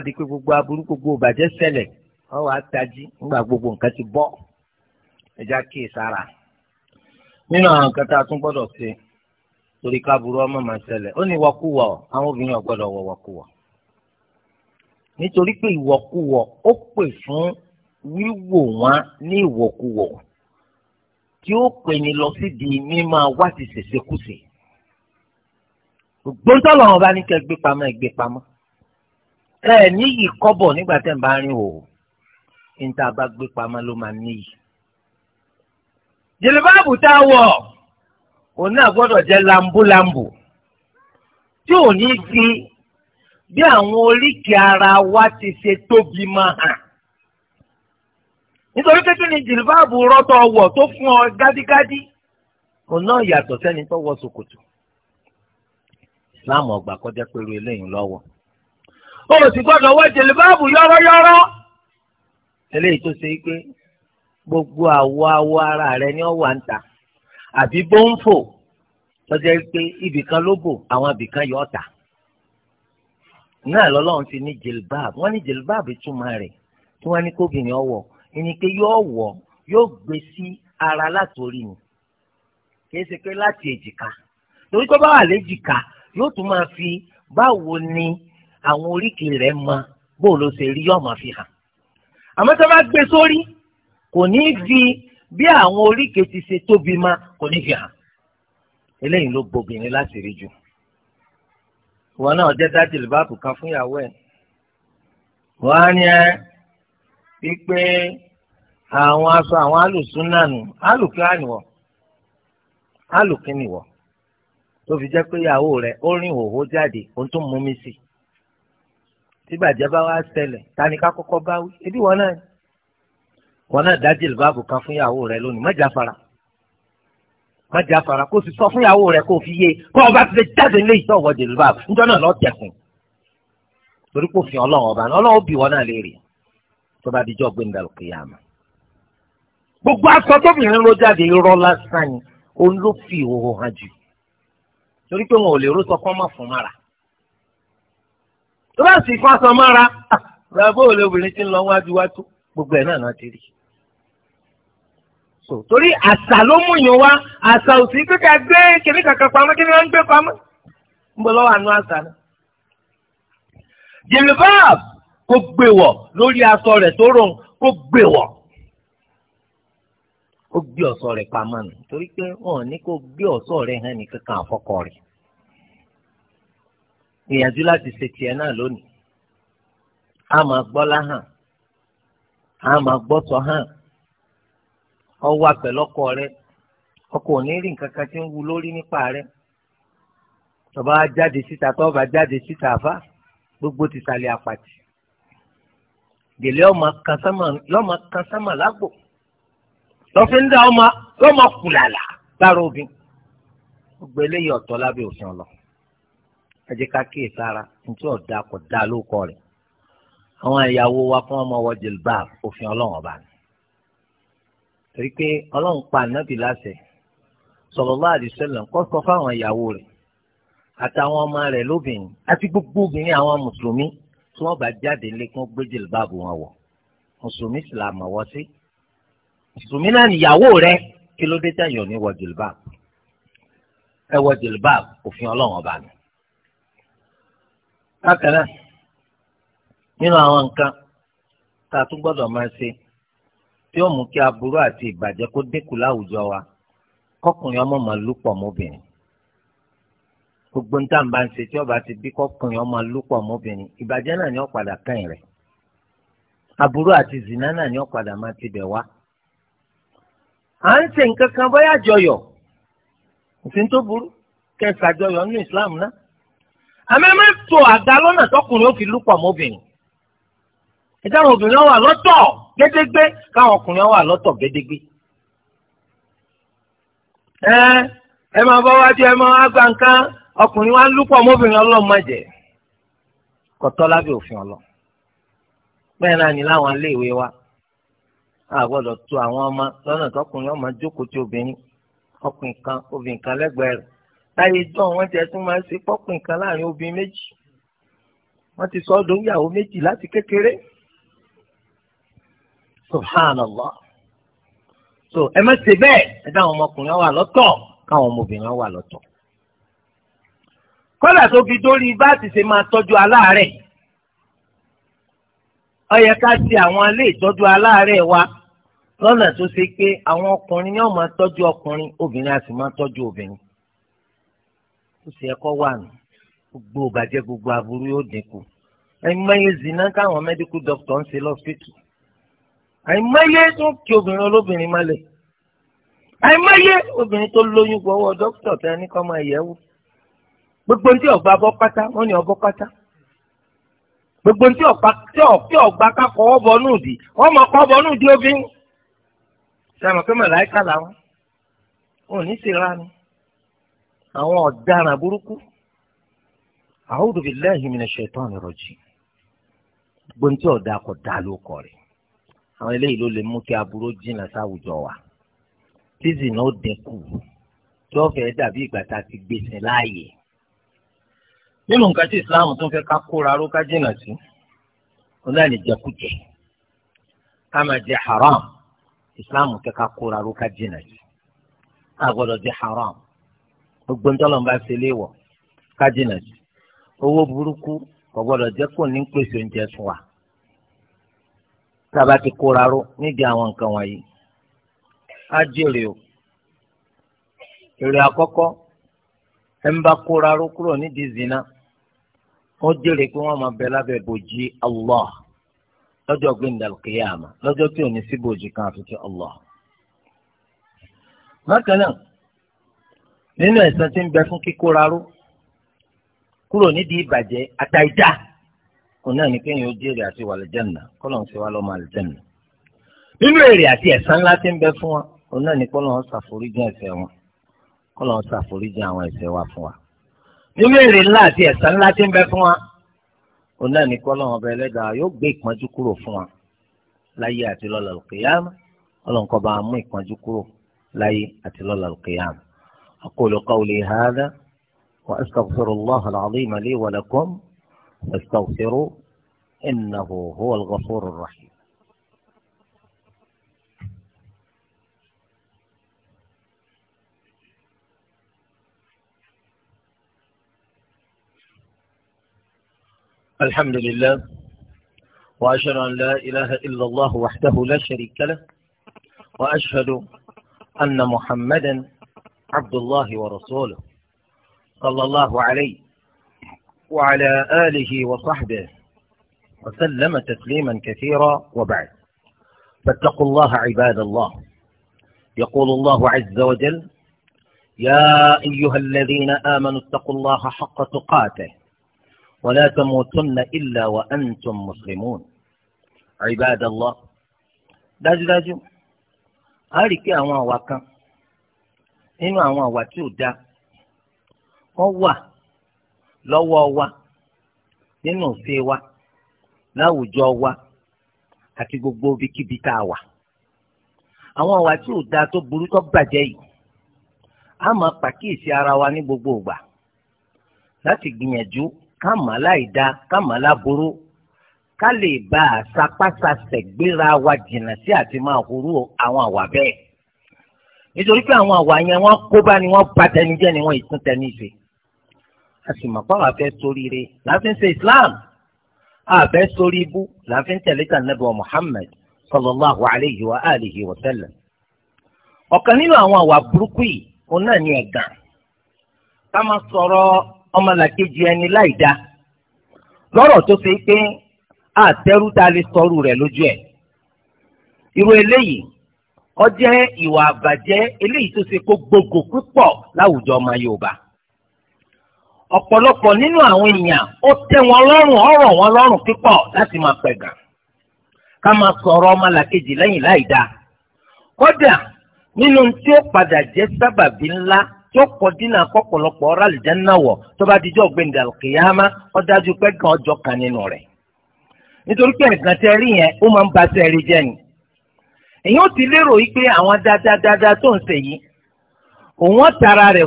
di pé gbogbo aburú gbogbo bàjẹ́ gbogbo nǹkan ti bọ́ nínú àwọn nǹkan tá a tún gbọ́dọ̀ ṣe torí káàbùrú ọmọ máa ṣẹlẹ̀ ó ní ìwọ̀kúwọ̀ àwọn obìnrin ò gbọ́dọ̀ wọ ìwọ̀kúwọ̀ nítorí pé ìwọ̀kúwọ̀ ó pè fún wíwò wọn ní ìwọ̀kúwọ̀ tí ó pè ní lọ sídìí mímọ wá ti ṣèṣekúṣe gbóńtọ́ lọ́wọ́ bá ní kẹ́ gbé pamọ́ ẹ gbé pamọ́ ẹ níyì kọ́bọ̀ nígbà tẹ́ ń bá rìn òò níta bá gbé pamọ́ ló máa níyì jìlìbáàbù tá a wọ̀ òun náà gbọ́dọ̀ jẹ́ lambúlambù tí ò ní fi bí àwọn oríkèé ara wa ti ṣe tóbi máa hàn nítorí pé kí ni jìlìbáàbù rọ́tọ̀ wọ̀ tó fún ọ gádígádí òun náà yàtọ̀ sẹ́ni tó wọ ṣòkòtò islam ọgbà kọjá pẹ̀lú eléyìí lọ́wọ́ o sì gbọ́dọ̀ wọ jìlìbáàbù yọ́rọ́yọ́rọ́ eléyìí tó ṣe é pé gbogbo àwọ̀ awọ ara rẹ ni ó wà ń ta àbí bọ́ńfò tọ́jà pé ibìkan ló bò àwọn ibìkan yọ ọ̀tà náà lọ́lọ́run ti ní jìlbáàbù wọ́n ní jìlbáàbù túmọ̀ rẹ̀ tí wọ́n ní kóbìnrin ọ̀wọ̀ ẹni pé yóò wọ̀ yóò gbé sí ara látòrí ni kìí ṣe pé láti èjìká torí tó bá wà léjìká yóò tún máa fi báwo ni àwọn oríkèé rẹ̀ mọ bó ṣe rí yóò máa fi hàn àmọ́ tó bá gbé sórí. So kò ní fi bí àwọn oríkèé ti ṣe tóbi ma kò ní fi hàn eléyìí ló gbobìnrin láti rí jù wọn náà jẹ dájú ìbáàbù kan fún ìyàwó ẹ wọn á ní ẹ wípé àwọn aṣọ àwọn alùsùn náà nù alùkí ànìwọ alùkí nìwọ tó fi jẹ pé ìyàwó rẹ ó rìn òhó jáde ó tún mú mi sí tí bàjẹ́ bá wá ṣẹlẹ̀ ta ni ká kọ́kọ́ bá wí ebi wọn náà ni wọn náà dá jìlbáàbù kan fún ìyàwó rẹ lónìí má jáfara má jáfara kó o sì sọ fún ìyàwó rẹ kó o fi yé kó ọba ti lè jáde lé ìtọ́ ọ̀wọ́ jìlbáàbù níjọ́ náà lọ́ọ́ tẹ̀kùn torí kò fi ọlọ́run ọba náà ọlọ́run bí wọn náà léèrè tó bá dijọ́ gbẹ̀ndà lókè yá gbogbo aṣọ tóbìnrin ló jáde irọ́ lásán ni òun ló fi ìhòòhò hàn jù torí pé wọn ò lè ró sọ fún ọmọ fún mára tó bá sì fún aṣọ mára ah, bàbá òun lóbìnrin ti ń lọ wájú wájú gbogbo ẹ̀ náà náà ti rí i. so torí àṣà ló mú yàn wá àṣà òsì sí gbé kíní kankan pamọ́ kíní wọn ń gbé pamọ́ ń bọ̀ lọ́wọ́ àánú àṣà kò gbé wọ̀ lórí aṣọ rẹ̀ tó rọrùn kò gbé torí pé ní kó gbé ọ̀ṣọ́ rẹ̀ hàn ní kankan àfọkọ rẹ̀ ìyànjú láti ṣe a máa gbọ́ láhàn a máa gbọ́ sọ ọwọ́ àpẹ̀lọ́kọ rẹ ọkọ ò ní rí nǹkan kan tí ń wu lórí nípa rẹ tọba jáde síta tọba jáde síta àfa gbogbo ti sàlẹ̀ àpàtì gèlè ọmọ kan sámà lọmọ kan sámà lágbo lọfíńdà ọmọ lọmọ kùlàlà lára obìn gbogbo eléyìí ọ̀tọ̀ lábẹ́ òfin ọlọ ẹ jẹ́ ká kíyè sára ntí ọdà kò dá lóko rẹ àwọn ìyàwó wa fún ọmọ wọ jìlbà òfin Ọlọ́run ọba ni torí pé ọlọ́run pa ànábì láṣẹ sallallahu alaihi wasallam kó sọ fáwọn ìyàwó rẹ̀ àtàwọn ọmọ rẹ̀ lóbìnrin àti gbogbo obìnrin àwọn mùsùlùmí tí wọ́n bá jáde lé kí wọ́n gbé jìlbáàbù wọn wọ̀ mùsùlùmí sì là mọ̀ wọ́ sí mùsùlùmí náà níyàwó rẹ̀ kí ló dé tẹ̀yìn òní wọ jìlbáàbù ẹ wọ jìlbáàbù òfin ọlọ́run ọba ni. bákan náà nínú àwọn nǹkan tá a tún gbọ́dọ̀ máa ṣe tí ó mú kí aburú àti ìbàjẹ́ kó dínkù láwùjọ wa kọkùnrin ọmọ máa lúpọ̀ mọ́bìnrin gbogbo ń tàn bá ń ṣe tí ọba ti bí kọkùnrin ọmọ lúpọ̀ mọ́bìnrin ìbàjẹ́ náà ni ó padà kàn rẹ̀ aburú àti zina náà ni ó padà máa ti bẹ̀ wá. à ń ṣe nǹkan kan bóyá jọyọ̀ òfin tó burú kẹsà jọyọ̀ nínú Islam náà àmì ẹ máa ń to àga lọ́nà tọkùnrin ó fi lúpọ̀ mọ́bìnrin ìdáhùn obìnrin wà lọ́tọ̀. gédégbé káwọn ọkùnrin wà lọ́tọ̀ gédégbé. ẹ ẹ máa bọ́ wájú ẹ máa gbà nǹkan ọkùnrin wa ń lúpọ̀ ọmọbìnrin ọlọ́mọdé kọ̀tọ́ lábẹ́ òfin ọlọ́ bẹ́ẹ̀ náà ni láwọn iléèwé wa a gbọ́dọ̀ tu àwọn ọmọ lọ́nà tọkùnrin ọmọ jókòó tí obìnrin ọkùnrin kan obìnrin kan lẹ́gbẹ̀ẹ́ rẹ̀ láyé jọ wọ́n tẹ tún máa ń ṣe pọ́kùnrin kan láàrin obìnrin méjì wọ́n ti sọ ọdún ìyàwó méjì láti kékeré. subhanallah so ẹ má ṣe bẹ́ẹ̀ ẹ dáwọn ọmọkùnrin wà lọ́tọ̀ káwọn ọmọbìnrin wà lọ́tọ̀ kọ́là tó fi dórí bá ti ṣe máa tọ́jú aláàárẹ̀ ó yẹ ká ti àwọn ilé ìtọ́jú aláàárẹ̀ wa lọ́nà tó ṣe pé àwọn ọkùnrin yóò máa tọ́jú ọkùnrin obìnrin á sì máa tọ́jú obìnrin ó sì ẹ̀kọ́ wà nù gbogbo ìbàjẹ́ gbogbo aburú yóò dínkù ẹ̀yin mẹ́yìn zina káwọn mẹ́díkù dọ́kítọ̀ ń ṣe lọ́sítù àìmọye tó ń kí obìnrin olóbìnrin má lè àìmọye obìnrin tó lóyún gbọ́wọ́ dókítà tẹ ní kọ́ máa yẹ̀wò gbogbo ní tí ọba bọ́ pátá wọ́n ní ọbọ̀ pátá gbogbo ní tí ọba tí ọba kakọ̀ ọbọ̀ nù dì wọ́n mọ̀ kọ́ ọbọ̀ nù dì obìnrin sàmọ̀ pé màláìka làwọn wọn ò ní ṣe ránu àwọn ọ̀daràn burúkú a'udhu billahi minash shaitani rajim gbogbo ní ọ̀dà kọ̀ dá ló kọ̀ rẹ̀ àwọn eléyìí ló lè mú kí aburú jìnnà sáwùjọ wa tíìsì náà ó dínkù tí ó fẹ́ dàbí ìgbà tá a ti gbèsè láàyè. nínú nǹkan tí Islam tún fẹ́ ká kóra ró ká jìnnà sí wọn náà lè jẹkújẹ ká máa jẹ haram Islam fẹ́ ká kóra ró ká jìnnà sí a gbọ́dọ̀ jẹ haram gbogbo ntọ́lọ́n bá ṣe léèwọ̀ ká jìnnà sí owó burúkú kò gbọ́dọ̀ jẹ́ kó ní pèsè oúnjẹ fún wa. tába ti kóra ró nídìí àwọn nǹkan o èrè àkọ́kọ́ ẹ̀ ń bá kóra ró kúrò nídìí zina wọ́n jèrè pé wọ́n máa bẹ lábẹ́ bòjì Allah lọ́jọ́ gbẹ̀ndàlù kìyàmà lọ́jọ́ tí ò ní sí bòjì kan àfi Allah. bákan náà nínú ẹ̀san tí ń bẹ fún kíkóra ró kúrò nídìí ìbàjẹ́ òun náà ní kéèyàn ó jèrè àti wà lẹ́jẹ̀nà kọ́lọ̀ ń fi wá lọ́mọ àlẹ́jẹ̀nà nínú èrè àti ẹ̀san ńlá tí ń bẹ fún wa òun náà ní kọ́lọ̀ ń ṣàforíjì ẹ̀ṣẹ̀ wọn kọ́lọ̀ ń ṣàforíjì àwọn ẹ̀ṣẹ̀ wa fún wa nínú èrè ńlá àti ẹ̀san ńlá tí ń bẹ fún wa òun náà ní ọba ẹlẹ́dàá yóò gbé ìpọ́njú kúrò fún wa láyé àti lọ́la al-qiyāmah kọ́ استغفروا إنه هو الغفور الرحيم الحمد لله وأشهد أن لا إله إلا الله وحده لا شريك له وأشهد أن محمدا عبد الله ورسوله صلى الله عليه وعلى آله وصحبه وسلم تسليما كثيرا وبعد فاتقوا الله عباد الله يقول الله عز وجل يا أيها الذين آمنوا اتقوا الله حق تقاته ولا تموتن إلا وأنتم مسلمون عباد الله dájúdájú a rí يا àwọn àwa kan nínú àwọn àwa tí lọ́wọ́ wa nínú ìṣe wa láwùjọ wa àti gbogbo ibikíbi tá a wà àwọn àwa tí ò dáa tó burú tó bàjẹ́ yìí a máa pàkíyèsí ara wa ní gbogbo ìgbà láti gbìyànjú ká mà láì da ká mà láburú ká lè bá a sapásasẹ̀ gbéra wa jìnnà sí àti máa hurú àwọn àwa bẹ́ẹ̀ nítorí pé àwọn àwa yẹn wọ́n kóbá ni wọ́n bà tẹnijẹ́ ni wọ́n ìtún tẹni ṣe a sì mọ̀ fáwọn afẹ́ sóríire láti ń ṣe islam àfẹ́ sórí ibú láti ń tẹ̀lé tànàbí wa muhammed sallallahu alayhi wa alihi wa sallam. ọ̀kan nínú àwọn àwà burúkú yìí òun náà ni ẹ̀gàn ká máa sọ̀rọ̀ ọmọlàkejì ẹni láì dá lọ́rọ̀ tó ṣe pé a lè rẹ̀ lójú ẹ̀. eléyìí jẹ́ ìwà àbàjẹ́ eléyìí gbogbo púpọ̀ láwùjọ ọmọ ọ̀pọ̀lọpọ̀ nínú àwọn èèyàn ó tẹ́ wọn lọ́rùn ọ̀rọ̀ wọn lọ́rùn pípọ̀ láti máa pẹ̀gà ká máa sọ̀rọ̀ ọmọlàkejì lẹ́yìn láì dáa kódà nínú tí ó padà jẹ́ sábàbí ńlá tí ó pọ̀ dínà kọ́pọ̀lọpọ̀ ọ̀rọ̀ wọ̀ tó bá dijọ́ ó dájú pé gan ọjọ́ kan nínú rẹ̀ nítorí pé ẹ̀gàn tẹ rí yẹn ó máa ń ba jẹ́ ni èyí tara rẹ̀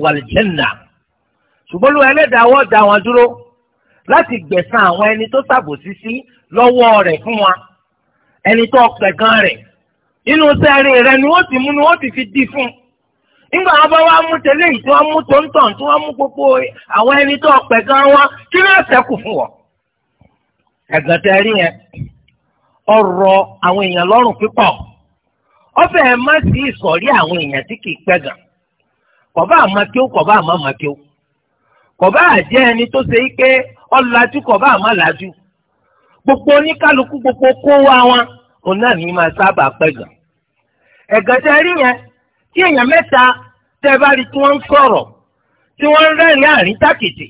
ṣùgbọ́n ló ẹlẹ́dàá wọ́n wọn dúró láti gbẹ̀san àwọn ẹni tó ṣàbòsí sí lọ́wọ́ rẹ̀ fún wa ẹni tó pẹ̀gàn rẹ̀ inú sẹ́ẹ̀rì rẹ̀ ni wọ́n ti mú ni wọ́n ti fi dì fún un nígbà wọn bá wá mú tẹ́lẹ̀ yìí tí mú tí mú gbogbo àwọn ẹni tó pẹ̀gàn wọn kí ni ẹ̀sẹ̀kù fún wọn. ẹ̀gàn tẹ rí yẹn ọ̀rọ̀ àwọn èèyàn lọ́rùn pípọ̀ ọbẹ̀ má sí ìsọ̀rí àwọn èèyàn tí kì í àmọ́ kí ó kọ̀bá àjẹ́ ẹni tó ṣe ike ọ̀làjú kọ̀bá àmọ́ làjú gbogbo oníkálukú gbogbo kó wá wọn òun náà ní máa sábà pẹ̀gàn. ẹ̀gàn tẹ rí yẹn tí èèyàn mẹ́ta tẹ bá rí tí wọ́n ń sọ̀rọ̀ tí wọ́n ń rẹ́rìn tákìtì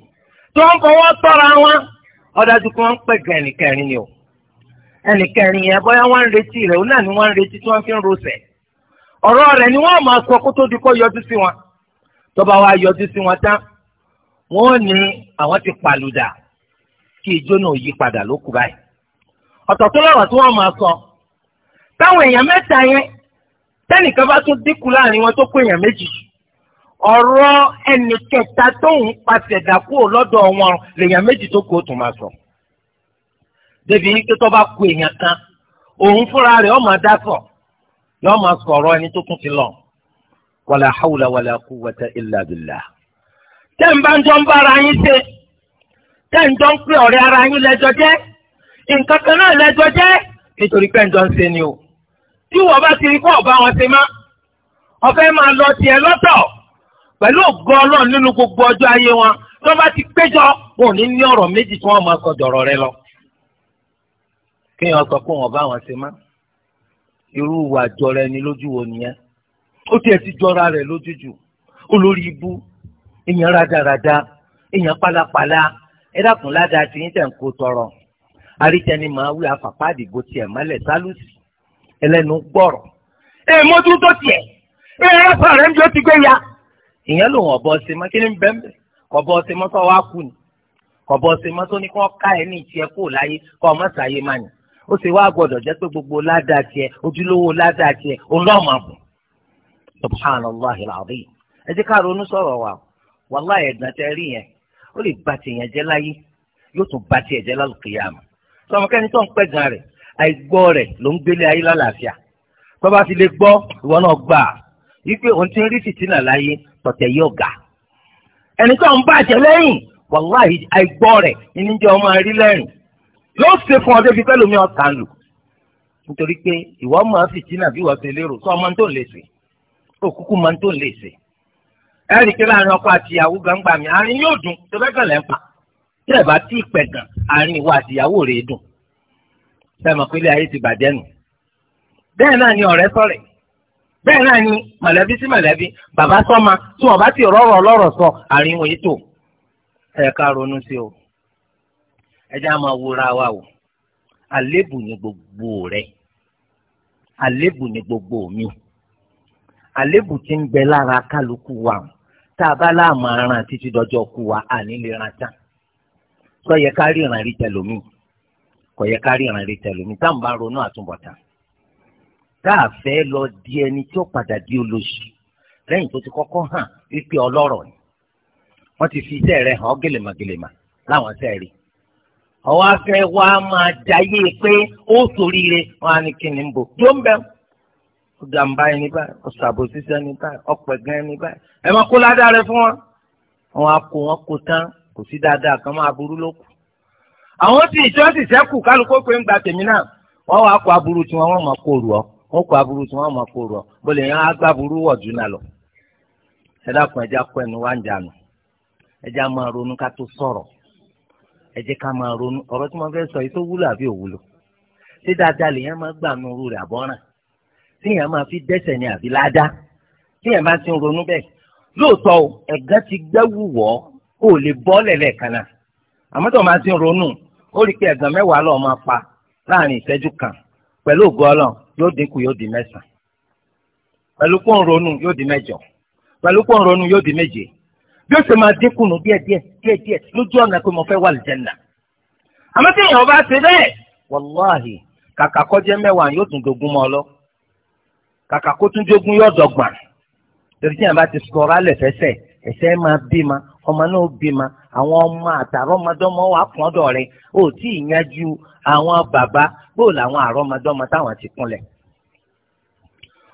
tí wọ́n ń fọwọ́ tọ́ra wọn ọ̀dájú kí wọ́n pẹ̀gàn ẹnìkẹrin ni o. ẹnìkẹrin yẹn wọ́n ń retí rẹ̀ òun náà ni wọ́n ń retí tí wọ́n wọn. wọ́n ní àwọn ti pàlùdà kí ijó náà yí padà ló kù báyìí ọ̀tọ̀ tó lọ́rọ̀ tí wọ́n máa sọ táwọn èèyàn mẹ́ta yẹn tẹ́nìkan bá tún dínkù láàrin wọn tó kó èèyàn méjì ọ̀rọ̀ ẹnì kẹta tó ń pàṣẹ dàkú lọ́dọ̀ wọn lèèyàn méjì tó kó tó máa sọ débi pé tó bá kó èèyàn kan òun fúnra rẹ̀ ó máa dá sọ máa sọ̀rọ̀ ẹni tó tún ti lọ wàlà hàwùlà wàlà tẹ́ ń bá ń jọ ń bá ara yín ṣe tẹ́ ń jọ ń pè ọ̀rẹ́ ara yín lẹ́jọ́ jẹ́ nǹkan kan náà lẹ́jọ́ jẹ́ nítorí pé ń ṣe ni o tí wọ́n bá ti rí kó ọ̀bá wọn ṣe má ọ̀fẹ́ máa lọ tiẹ̀ lọ́tọ̀ pẹ̀lú ògo ọlọ́run nínú gbogbo ọjọ́ ayé wọn tó bá ti péjọ wọn ò ní ní ọ̀rọ̀ méjì tí wọ́n máa sọ dọ̀rọ̀ rẹ lọ. kéèyàn sọ pé wọn bá wọn ṣe má èèyàn rádaràda èèyàn pálapàla ẹ dákun ládàá tí yín tẹ̀ ń kó tọrọ àríjẹni màá wí àfàpáàdì tiẹ̀ mọ́lẹ̀ sálùsì ẹlẹ́nu gbọ́rọ̀ ẹ mójú tó tiẹ̀ ẹ ẹ̀rọ rẹ̀ ń bí ó ti ya ìyẹn mọ́ kí ni bẹ́ẹ̀ ni ẹ ní kó láyé kọ́ ọmọ ṣàyé má ni ó gbogbo ládàá ojúlówó ládàá tiẹ̀ wàlá ẹ̀gàn tẹ́ rí yẹn ó lè ba tèèyàn jẹ́ láyé yóò tún ba tiẹ̀ jẹ́ lálùkìyàmù sọmọkẹ́ni tó ń pẹ́ gan rẹ̀ àìgbọ́ rẹ̀ ló ń gbélé ayé lálàáfíà tó bá ti lè gbọ́ ìwọ wípé òun ti ń rí láyé tọ̀tẹ̀ yóò ga ẹni tó ń lẹ́yìn àìgbọ́ rẹ̀ ọmọ rí lẹ́rìn yóò ṣe fún lómi lù nítorí pé máa bí wọ́n lérò ẹ kí ọkọ àti ìyàwó gbangba mi àárín yóò dùn tó bẹ́ẹ̀ kàn lẹ́ńpa tí ẹ bá tí ì pẹ̀ àárín ìwọ àti ìyàwó rẹ̀ dùn sẹ́mi pé ilé ayé ti ni ọ̀rẹ́ sọ̀rẹ́ bẹ́ẹ̀ ni mọ̀lẹ́bí sí mọ̀lẹ́bí bàbá sọ́ma tí wọ́n bá ti rọ́rọ̀ lọ́rọ̀ sọ àárín wọn yìí ká ronú sí gbogbo rẹ àlébù gbogbo mi tá a bá láàmú aràn títí kú wa à lè ran tán kò yẹ ká ríran rí tẹlómi kò yẹ ká a fẹ́ lọ di ẹni tí ó padà di olóṣì lẹ́yìn tó ti ni wọ́n ti fi iṣẹ́ rẹ̀ hàn ọ́ gèlèmàgèlèmà láwọn iṣẹ́ rí ọwọ́ afẹ́ wa máa jayé pé ó ṣoríire wọn á kí ọ̀gàmbá ẹni báyìí ọ̀sàbòsíṣẹ́ ẹni báyìí ọ̀pẹ̀gàn ẹni báyìí ẹ máa kó ládàá rẹ fún wọn. wọn á kó wọn kó tán kò sí dáadáa kan máa burú ló kù. àwọn tí ìṣọ́ọ̀sì sẹ́kù kálukó pé ń gba tèmi náà wọ́n wá kó aburú tí wọ́n máa kó rù ọ́ wọ́n kó aburú tí wọ́n máa kó rù ọ́ bọ́lá yẹn á gbá burú wọ̀ jù náà lọ. ẹ dákun ẹ já kó ẹnu wá ń jà ẹ já máa ronú ká tó sọ̀rọ̀ ẹ jẹ́ ká máa ronú ọ̀rọ̀ tí wọ́n fẹ́ sọ yìí tó wúlò àbí òwúlò ṣé dáadáa lèèyàn máa gbà nù rú rẹ̀ àbọ̀ràn téèyàn máa fi dẹ́ṣẹ̀ ni àbí ládá téèyàn bá ti ń ronú bẹ́ẹ̀ lóòótọ́ o ẹ̀gán ti gbẹ́wù wọ́ ó lè bọ́ lẹ̀lẹ̀ kan àmọ́ tó máa ti ń ronú ó rí i pé ẹ̀gán mẹ́wàá lọ́ọ́ máa pa láàrin ìṣẹ́jú kan pẹ̀lú ògo Ọlọ́run yóò dínkù yóò di mẹ́sàn-án pẹ̀lú kó ń ronú yóò di mẹ́jọ pẹ̀lú kó ń ronú yóò di méje bí ó ṣe máa dínkù nù díẹ̀díẹ̀ díẹ̀díẹ̀ lójú ọ̀nà pé mo fẹ́ wà kàkà kó tún jogún yóò bá ti sọ̀rọ̀ alẹ̀ fẹsẹ̀ máa bímọ ọmọ náà bímọ àwọn ọmọ àtàrọ̀ wà rẹ ó tí ì yanjú àwọn bàbá bó làwọn àrọ̀ táwọn ti kúnlẹ̀.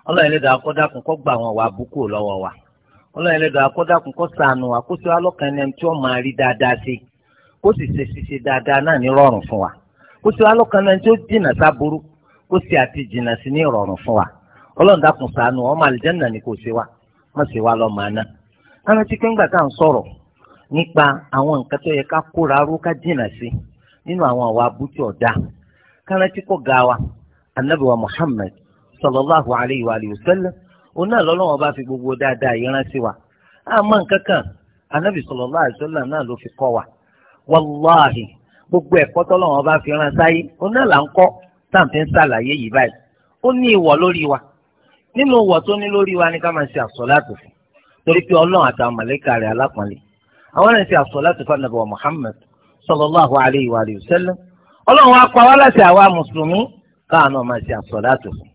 ọlọ́run lẹ́dọ̀ akọ́dàkùn kọ́ gba àwọn wà búkú lọ́wọ́ wa akọ́dàkùn kọ́ sànù àkóso alọ́kàn ẹni tí máa rí dáadáa sí kó sì ṣe ṣiṣe dáadáa ọlọ́run dákun ṣàánú ọmọ àlìjẹ́nà ni kò ṣe wa má ṣe wa lọ́ọ́ màá ná. ara ti pé ńgbà tá à ń sọ̀rọ̀ nípa àwọn nǹkan tó yẹ ká kóra aró ká jìnà sí nínú àwọn àwa abúti ọ̀dà kára ti kọ́ ga wa anabi wa Muhammad sallallahu alayhi wa alihi wa sallam òun náà lọ́lọ́wọ́n bá fi gbogbo dáadáa yìí sí wa àmọ́ nǹkan kan anabi sallallahu alayhi wa sallam náà ló fi kọ́ wa wàláhì gbogbo ẹ̀kọ́ tọ́lọ́wọ́n bá fi rán sáyé òun náà là ń kọ́ táǹfin yìí báyìí ó ní ìwọ̀ lórí wa nínú wọ̀ tó ní lórí wa ni ká máa ṣe àsọ̀láàtù fún torí pé ọlọ́run àtàwọn màlẹ́kà rẹ̀ alápọ̀nlé àwọn náà ṣe àsọ̀láàtù fún anabi wa muhammed sallallahu alayhi wa sallam ọlọ́run wa pa wá láti àwa mùsùlùmí káà náà máa ṣe àsọ̀láàtù fún